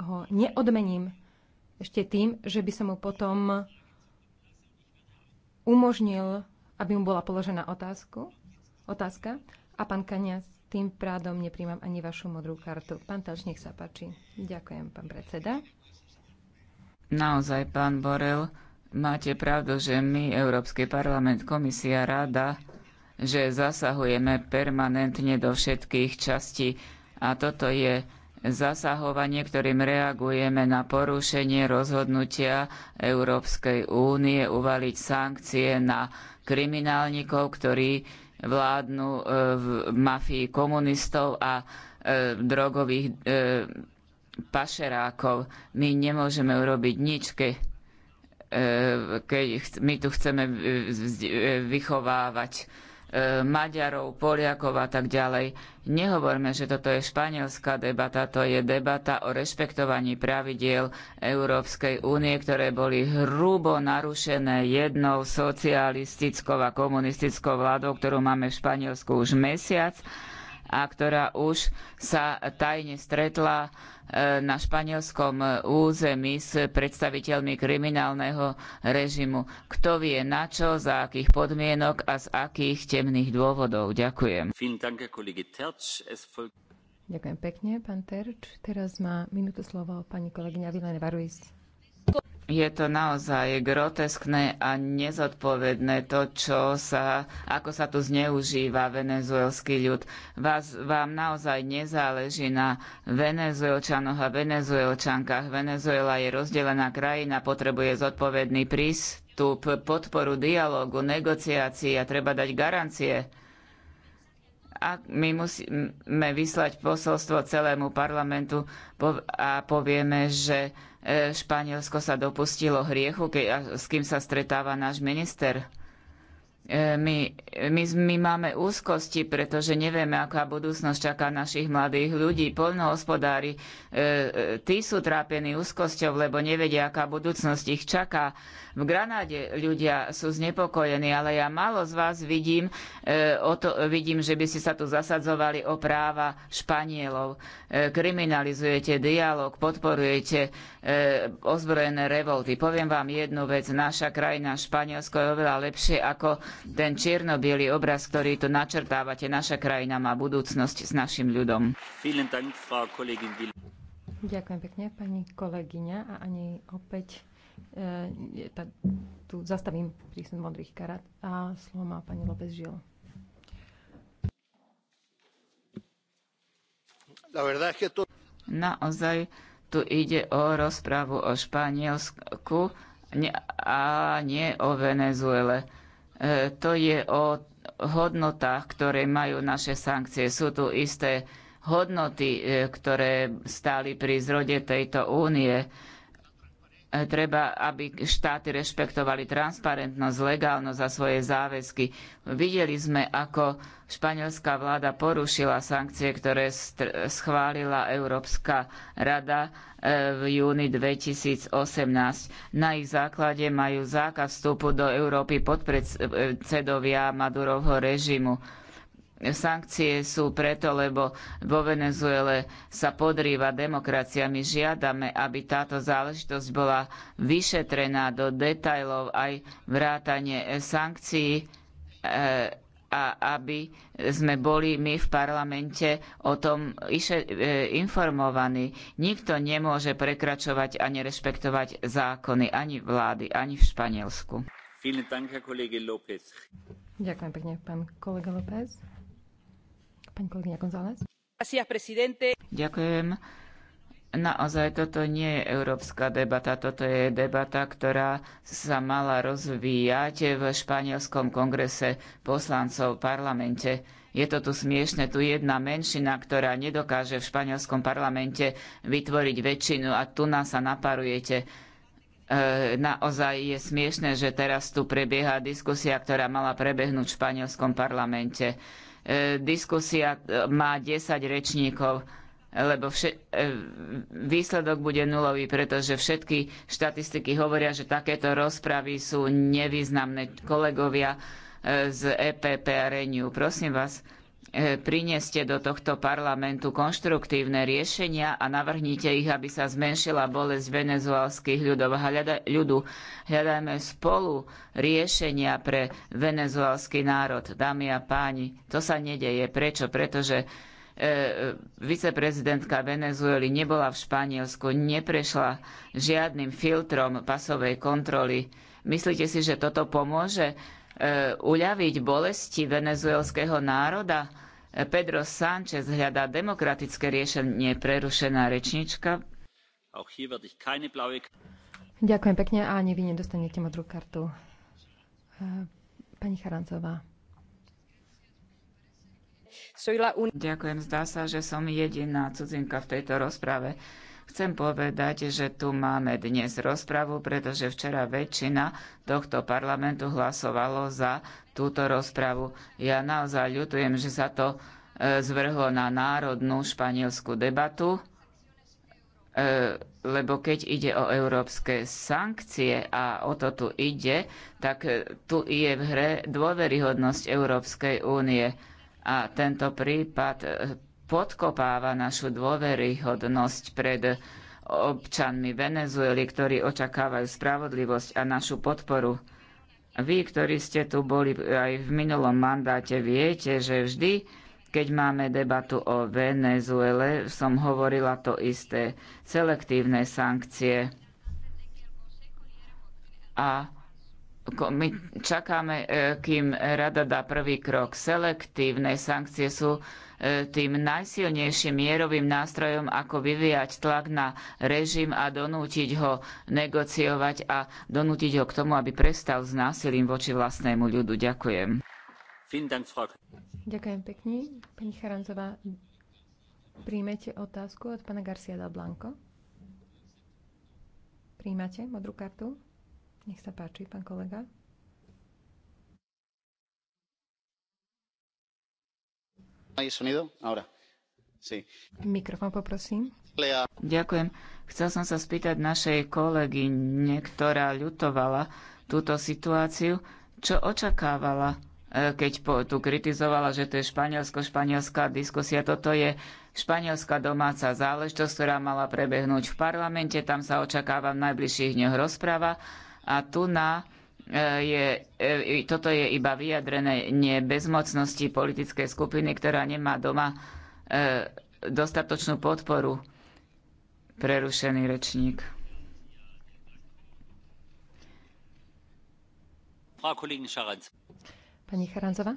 ho neodmením ešte tým, že by som mu potom umožnil, aby mu bola položená otázku, otázka a pán Kania, tým prádom nepríjmam ani vašu modrú kartu. Pán Talš, nech sa páči. Ďakujem, pán predseda. Naozaj, pán Borel, Máte pravdu, že my, Európsky parlament, komisia, rada, že zasahujeme permanentne do všetkých častí a toto je zasahovanie, ktorým reagujeme na porušenie rozhodnutia Európskej únie uvaliť sankcie na kriminálnikov, ktorí vládnu e, v mafii komunistov a e, drogových e, pašerákov. My nemôžeme urobiť nič, keď E, keď my tu chceme e, vychovávať e, Maďarov, Poliakov a tak ďalej. Nehovorme, že toto je španielská debata, to je debata o rešpektovaní pravidiel Európskej únie, ktoré boli hrubo narušené jednou socialistickou a komunistickou vládou, ktorú máme v Španielsku už mesiac a ktorá už sa tajne stretla E, na španielskom e, území s predstaviteľmi kriminálneho režimu. Kto vie na čo, za akých podmienok a z akých temných dôvodov. Ďakujem. Ďakujem pekne, pán Terč. Teraz má minútu slovo pani kolegyňa Vilene Varuis je to naozaj groteskné a nezodpovedné to, čo sa, ako sa tu zneužíva venezuelský ľud. Vás, vám naozaj nezáleží na venezuelčanoch a venezuelčankách. Venezuela je rozdelená krajina, potrebuje zodpovedný prístup, podporu dialógu, negociácií a treba dať garancie a my musíme vyslať posolstvo celému parlamentu a povieme, že Španielsko sa dopustilo hriechu, ke, s kým sa stretáva náš minister E, my, my, my máme úzkosti, pretože nevieme, aká budúcnosť čaká našich mladých ľudí. Poľnohospodári, e, e, tí sú trápení úzkosťou, lebo nevedia, aká budúcnosť ich čaká. V Granáde ľudia sú znepokojení, ale ja málo z vás vidím, e, o to, vidím že by ste sa tu zasadzovali o práva Španielov. E, kriminalizujete dialog, podporujete e, ozbrojené revolty. Poviem vám jednu vec, naša krajina Španielsko je oveľa lepšie ako ten čiernobiely obraz, ktorý tu načrtávate. Naša krajina má budúcnosť s našim ľudom. Ďakujem pekne, pani kolegyňa. A ani opäť e, eh, tá, tu zastavím prísun modrých karát a slovo má pani López Žil. Naozaj tu ide o rozprávu o Španielsku a nie o Venezuele E, to je o hodnotách, ktoré majú naše sankcie. Sú tu isté hodnoty, e, ktoré stáli pri zrode tejto únie treba, aby štáty rešpektovali transparentnosť, legálnosť a svoje záväzky. Videli sme, ako španielská vláda porušila sankcie, ktoré schválila Európska rada e, v júni 2018. Na ich základe majú zákaz vstupu do Európy podpredsedovia Madurovho režimu Sankcie sú preto, lebo vo Venezuele sa podrýva demokracia. My žiadame, aby táto záležitosť bola vyšetrená do detajlov aj vrátanie eh, sankcií eh, a aby sme boli my v parlamente o tom eh, informovaní. Nikto nemôže prekračovať a nerešpektovať zákony ani vlády, ani v Španielsku. Ďakujem pekne, pán kolega López. Pani kolegyňa González. Ďakujem. Naozaj toto nie je európska debata, toto je debata, ktorá sa mala rozvíjať v španielskom kongrese poslancov v parlamente. Je to tu smiešne, tu jedna menšina, ktorá nedokáže v španielskom parlamente vytvoriť väčšinu a tu nás sa naparujete e, naozaj je smiešne, že teraz tu prebieha diskusia, ktorá mala prebehnúť v španielskom parlamente. E, diskusia e, má 10 rečníkov, lebo e, výsledok bude nulový, pretože všetky štatistiky hovoria, že takéto rozpravy sú nevýznamné. Kolegovia z EPP a Renew, prosím vás, E, prineste do tohto parlamentu konštruktívne riešenia a navrhnite ich, aby sa zmenšila bolesť venezuelských ľudov. Hľada, ľudu. Hľadajme spolu riešenia pre venezuelský národ. Dámy a páni, to sa nedeje. Prečo? Pretože e, viceprezidentka Venezuely nebola v Španielsku, neprešla žiadnym filtrom pasovej kontroly. Myslíte si, že toto pomôže? E, uľaviť bolesti venezuelského národa. Pedro Sánchez hľadá demokratické riešenie, prerušená rečnička. Ďakujem pekne a ani vy nedostanete modrú kartu. E, pani Charancová. Ďakujem, zdá sa, že som jediná cudzinka v tejto rozprave. Chcem povedať, že tu máme dnes rozpravu, pretože včera väčšina tohto parlamentu hlasovalo za túto rozpravu. Ja naozaj ľutujem, že sa to e, zvrhlo na národnú španielskú debatu, e, lebo keď ide o európske sankcie a o to tu ide, tak e, tu je v hre dôveryhodnosť Európskej únie. A tento prípad podkopáva našu dôveryhodnosť pred občanmi Venezuely, ktorí očakávajú spravodlivosť a našu podporu. Vy, ktorí ste tu boli aj v minulom mandáte, viete, že vždy, keď máme debatu o Venezuele, som hovorila to isté. Selektívne sankcie. A my čakáme, e, kým rada dá prvý krok. Selektívne sankcie sú tým najsilnejším mierovým nástrojom, ako vyvíjať tlak na režim a donútiť ho negociovať a donútiť ho k tomu, aby prestal s násilím voči vlastnému ľudu. Ďakujem. Ďakujem pekne. Pani Charanzová, príjmete otázku od pana Garcia del Blanco? Príjmate modrú kartu? Nech sa páči, pán kolega. Ďakujem. Chcel som sa spýtať našej kolegyne, ktorá ľutovala túto situáciu, čo očakávala, e, keď tu kritizovala, že to je španielsko-španielská diskusia. Toto je španielská domáca záležitosť, ktorá mala prebehnúť v parlamente. Tam sa očakáva v najbližších dňoch rozprava. A tu na E, je, e, toto je iba vyjadrené bezmocnosti politickej skupiny, ktorá nemá doma e, dostatočnú podporu. Prerušený rečník. Pani Charanzová.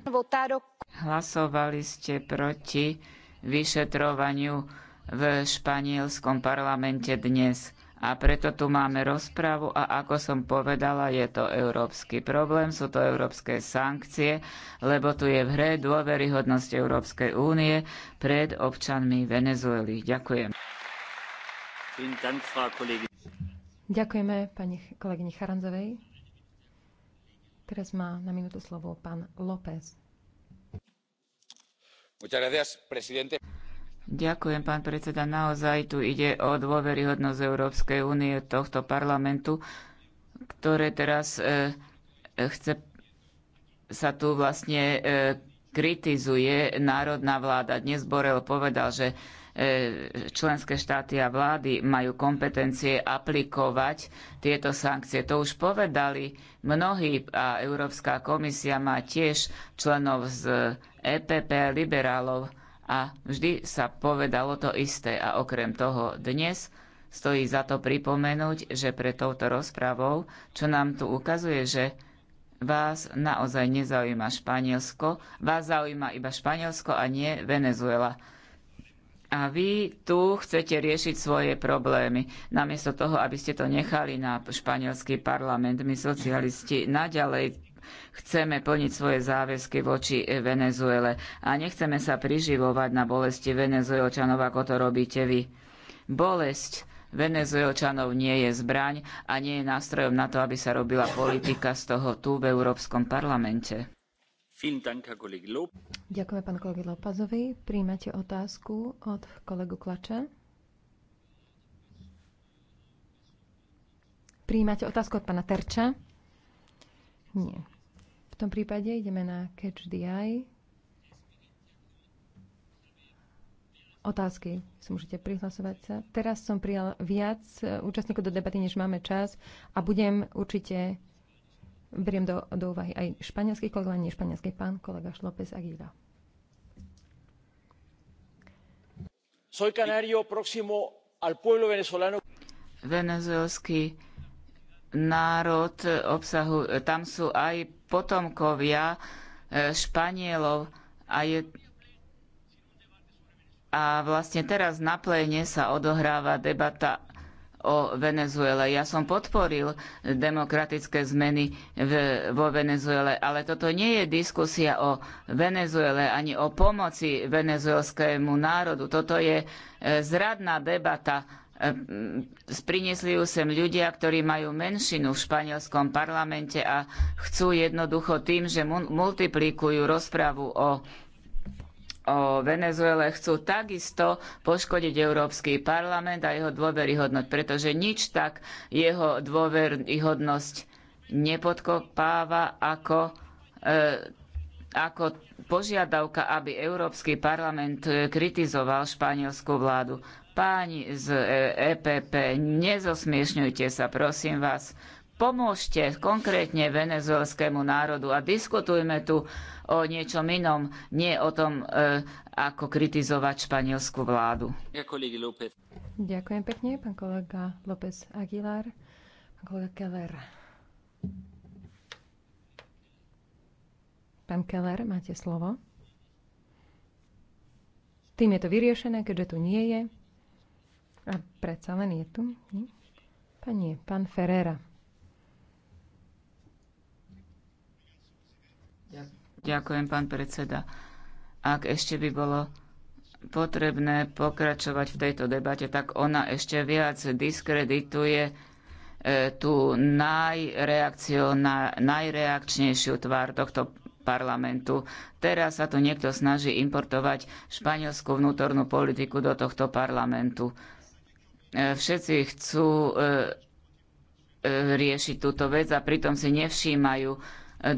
Hlasovali ste proti vyšetrovaniu v španielskom parlamente dnes. A preto tu máme rozpravu a ako som povedala, je to európsky problém, sú to európske sankcie, lebo tu je v hre dôveryhodnosť Európskej únie pred občanmi Venezuely. Ďakujem. Ďakujeme pani kolegyni Charanzovej. Teraz má na minútu slovo pán López. Muchas gracias, presidente. Ďakujem, pán predseda. Naozaj tu ide o dôveryhodnosť Európskej únie tohto parlamentu, ktoré teraz e, e, chce sa tu vlastne e, kritizuje národná vláda. Dnes Borel povedal, že e, členské štáty a vlády majú kompetencie aplikovať tieto sankcie. To už povedali mnohí a Európska komisia má tiež členov z EPP liberálov a vždy sa povedalo to isté a okrem toho dnes stojí za to pripomenúť, že pre touto rozprávou, čo nám tu ukazuje, že vás naozaj nezaujíma Španielsko, vás zaujíma iba Španielsko a nie Venezuela. A vy tu chcete riešiť svoje problémy. Namiesto toho, aby ste to nechali na španielský parlament, my socialisti naďalej Chceme plniť svoje záväzky voči Venezuele a nechceme sa priživovať na bolesti venezuelčanov, ako to robíte vy. Bolesť Venezuelčanov nie je zbraň a nie je nástrojom na to, aby sa robila politika z toho tu v Európskom parlamente. Ďakujeme pán kolegy lopazovi. Príjmate otázku od kolegu Klača. Príjmate otázku od pána Terča? Nie. V tom prípade ideme na Catch the Eye. Otázky si môžete prihlasovať sa. Teraz som prijal viac účastníkov do debaty, než máme čas a budem určite, beriem do, do úvahy aj španielských kolegov, nie španielských pán kolega Šlopez Aguila. Soy canario próximo al pueblo venezolano. Venezuelský národ obsahu, tam sú aj potomkovia e, Španielov a je a vlastne teraz na pléne sa odohráva debata o Venezuele. Ja som podporil demokratické zmeny v, vo Venezuele, ale toto nie je diskusia o Venezuele ani o pomoci venezuelskému národu. Toto je e, zradná debata Ehm, priniesli ju sem ľudia, ktorí majú menšinu v španielskom parlamente a chcú jednoducho tým, že multiplikujú rozpravu o o Venezuele chcú takisto poškodiť Európsky parlament a jeho dôveryhodnosť, pretože nič tak jeho dôveryhodnosť nepodkopáva ako, e, ako požiadavka, aby Európsky parlament e, kritizoval španielsku vládu. Páni z EPP, e nezosmiešňujte sa, prosím vás. Pomôžte konkrétne venezuelskému národu a diskutujme tu o niečom inom, nie o tom, e, ako kritizovať španielskú vládu. Ďakujem pekne, pán kolega López Aguilar, pán kolega Keller. Pán Keller, máte slovo. Tým je to vyriešené, keďže tu nie je. A predsa len je tu. Pani, pán Ferrera. Ďakujem, pán predseda. Ak ešte by bolo potrebné pokračovať v tejto debate, tak ona ešte viac diskredituje e, tú najreakčnejšiu tvár tohto parlamentu. Teraz sa tu niekto snaží importovať španielskú vnútornú politiku do tohto parlamentu. E, všetci chcú e, e, riešiť túto vec a pritom si nevšímajú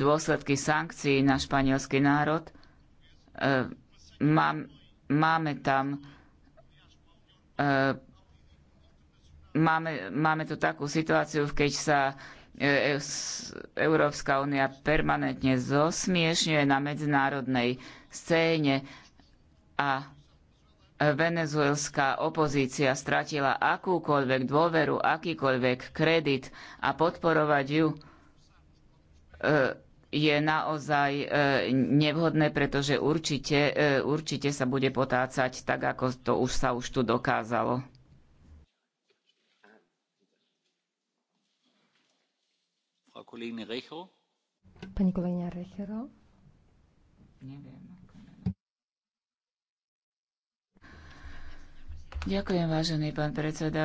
dôsledky sankcií na španielský národ. máme tam máme, máme tu takú situáciu, keď sa Európska únia permanentne zosmiešňuje na medzinárodnej scéne a venezuelská opozícia stratila akúkoľvek dôveru, akýkoľvek kredit a podporovať ju e, je naozaj e, nevhodné, pretože určite, e, určite sa bude potácať tak, ako to už sa už tu dokázalo. Pani kolegyňa Rechero. Neviem. Ďakujem, vážený pán predseda.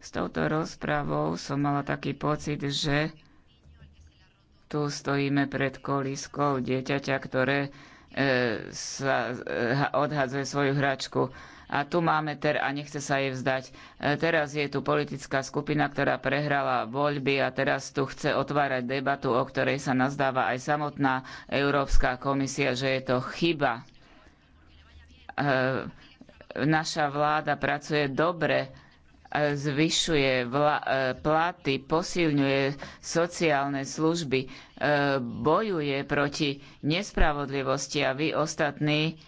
S touto rozprávou som mala taký pocit, že tu stojíme pred kolískou dieťaťa, ktoré e, sa e, odhadzuje svoju hračku. A tu máme ter a nechce sa jej vzdať. E, teraz je tu politická skupina, ktorá prehrala voľby a teraz tu chce otvárať debatu, o ktorej sa nazdáva aj samotná Európska komisia, že je to chyba. E, naša vláda pracuje dobre, e, zvyšuje e, platy, posilňuje sociálne služby, e, bojuje proti nespravodlivosti a vy ostatní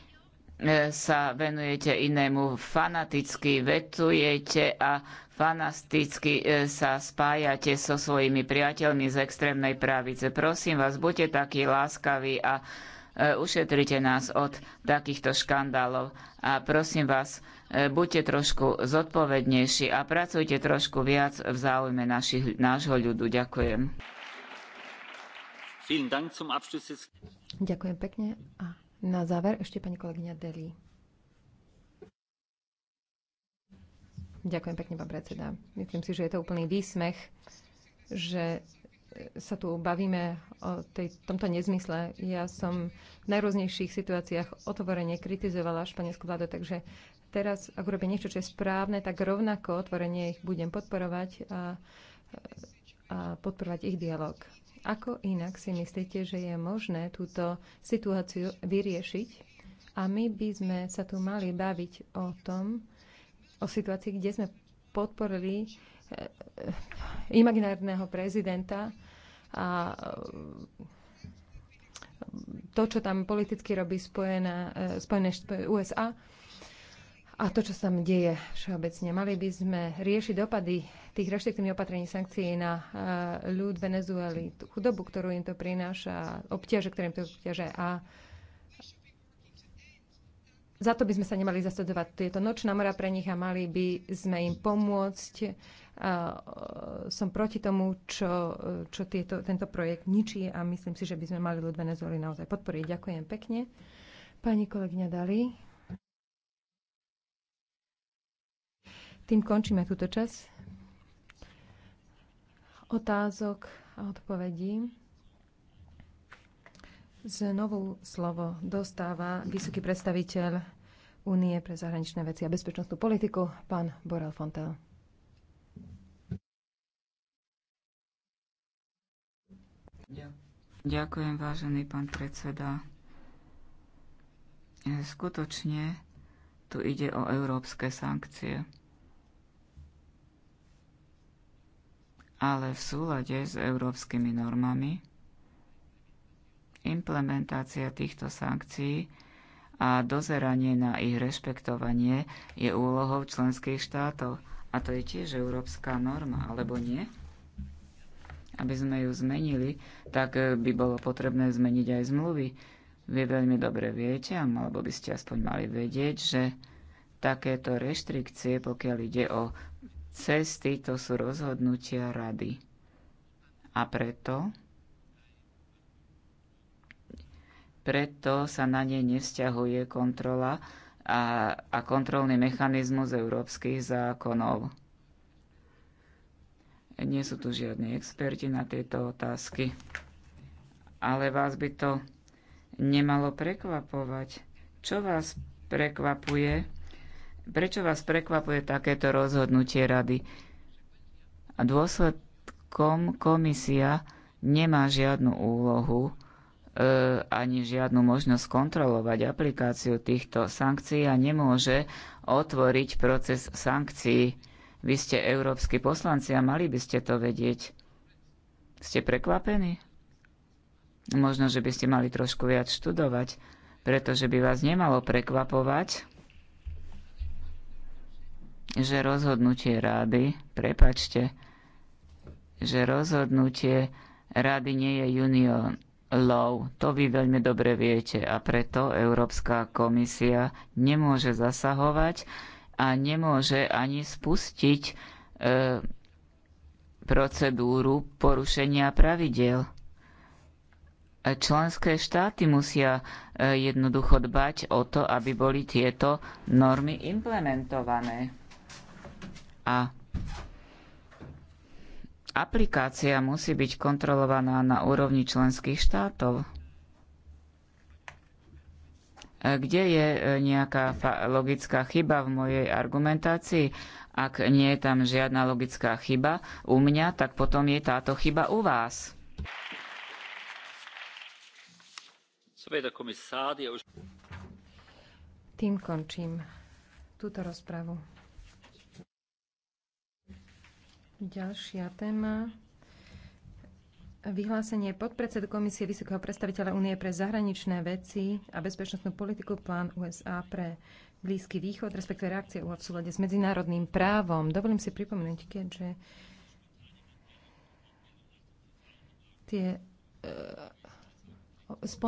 sa venujete inému, fanaticky vetujete a fanaticky sa spájate so svojimi priateľmi z extrémnej pravice. Prosím vás, buďte takí láskaví a E, ušetrite nás od takýchto škandálov. A prosím vás, e, buďte trošku zodpovednejší a pracujte trošku viac v záujme našich, nášho ľudu. Ďakujem. Ďakujem pekne. A na záver ešte pani kolegyňa Deli. Ďakujem pekne, pán predseda. Myslím si, že je to úplný výsmech, že sa tu bavíme o tej, tomto nezmysle. Ja som v najrôznejších situáciách otvorene kritizovala španielskú vládu, takže teraz, ak urobia niečo, čo je správne, tak rovnako otvorene ich budem podporovať a, a podporovať ich dialog. Ako inak si myslíte, že je možné túto situáciu vyriešiť? A my by sme sa tu mali baviť o tom, o situácii, kde sme podporili eh, imaginárneho prezidenta a e, to, čo tam politicky robí Spojená, e, Spojené USA a to, čo sa tam deje všeobecne. Mali by sme riešiť dopady tých reštriktívnych opatrení sankcií na e, ľud Venezueli, tú chudobu, ktorú im to prináša, obťaže, ktorým to obťaže a za to by sme sa nemali zasadovať. Tieto nočná mora pre nich a mali by sme im pomôcť. A som proti tomu, čo, čo tieto, tento projekt ničí a myslím si, že by sme mali ľud Venezuely naozaj podporiť. Ďakujem pekne. Pani kolegyňa Dali. Tým končíme túto čas. Otázok a odpovedí. Znovu slovo dostáva vysoký predstaviteľ Únie pre zahraničné veci a bezpečnostnú politiku, pán Borel Fontel. Ďakujem, vážený pán predseda. Skutočne tu ide o európske sankcie. Ale v súlade s európskymi normami Implementácia týchto sankcií a dozeranie na ich rešpektovanie je úlohou členských štátov. A to je tiež európska norma, alebo nie? Aby sme ju zmenili, tak eh, by bolo potrebné zmeniť aj zmluvy. Vy veľmi dobre viete, alebo by ste aspoň mali vedieť, že takéto reštrikcie, pokiaľ ide o cesty, to sú rozhodnutia rady. A preto preto sa na ne nevzťahuje kontrola a, a kontrolný mechanizmus európskych zákonov. Nie sú tu žiadni experti na tieto otázky. Ale vás by to nemalo prekvapovať. Čo vás prekvapuje? Prečo vás prekvapuje takéto rozhodnutie rady? A dôsledkom komisia nemá žiadnu úlohu E, ani žiadnu možnosť kontrolovať aplikáciu týchto sankcií a nemôže otvoriť proces sankcií. Vy ste európsky poslanci a mali by ste to vedieť. Ste prekvapení? Možno, že by ste mali trošku viac študovať, pretože by vás nemalo prekvapovať, že rozhodnutie rády, prepačte, že rozhodnutie rady nie je unión, lov. To vy veľmi dobre viete a preto Európska komisia nemôže zasahovať a nemôže ani spustiť e, procedúru porušenia pravidel. E, členské štáty musia e, jednoducho dbať o to, aby boli tieto normy implementované. A aplikácia musí byť kontrolovaná na úrovni členských štátov. E, kde je e, nejaká logická chyba v mojej argumentácii? Ak nie je tam žiadna logická chyba u mňa, tak potom je táto chyba u vás. Tým končím túto rozpravu. Ďalšia téma. Vyhlásenie podpredsedu Komisie Vysokého predstaviteľa Únie pre zahraničné veci a bezpečnostnú politiku plán USA pre Blízky východ, respektíve reakcie v súlade s medzinárodným právom. Dovolím si pripomenúť, keďže tie e,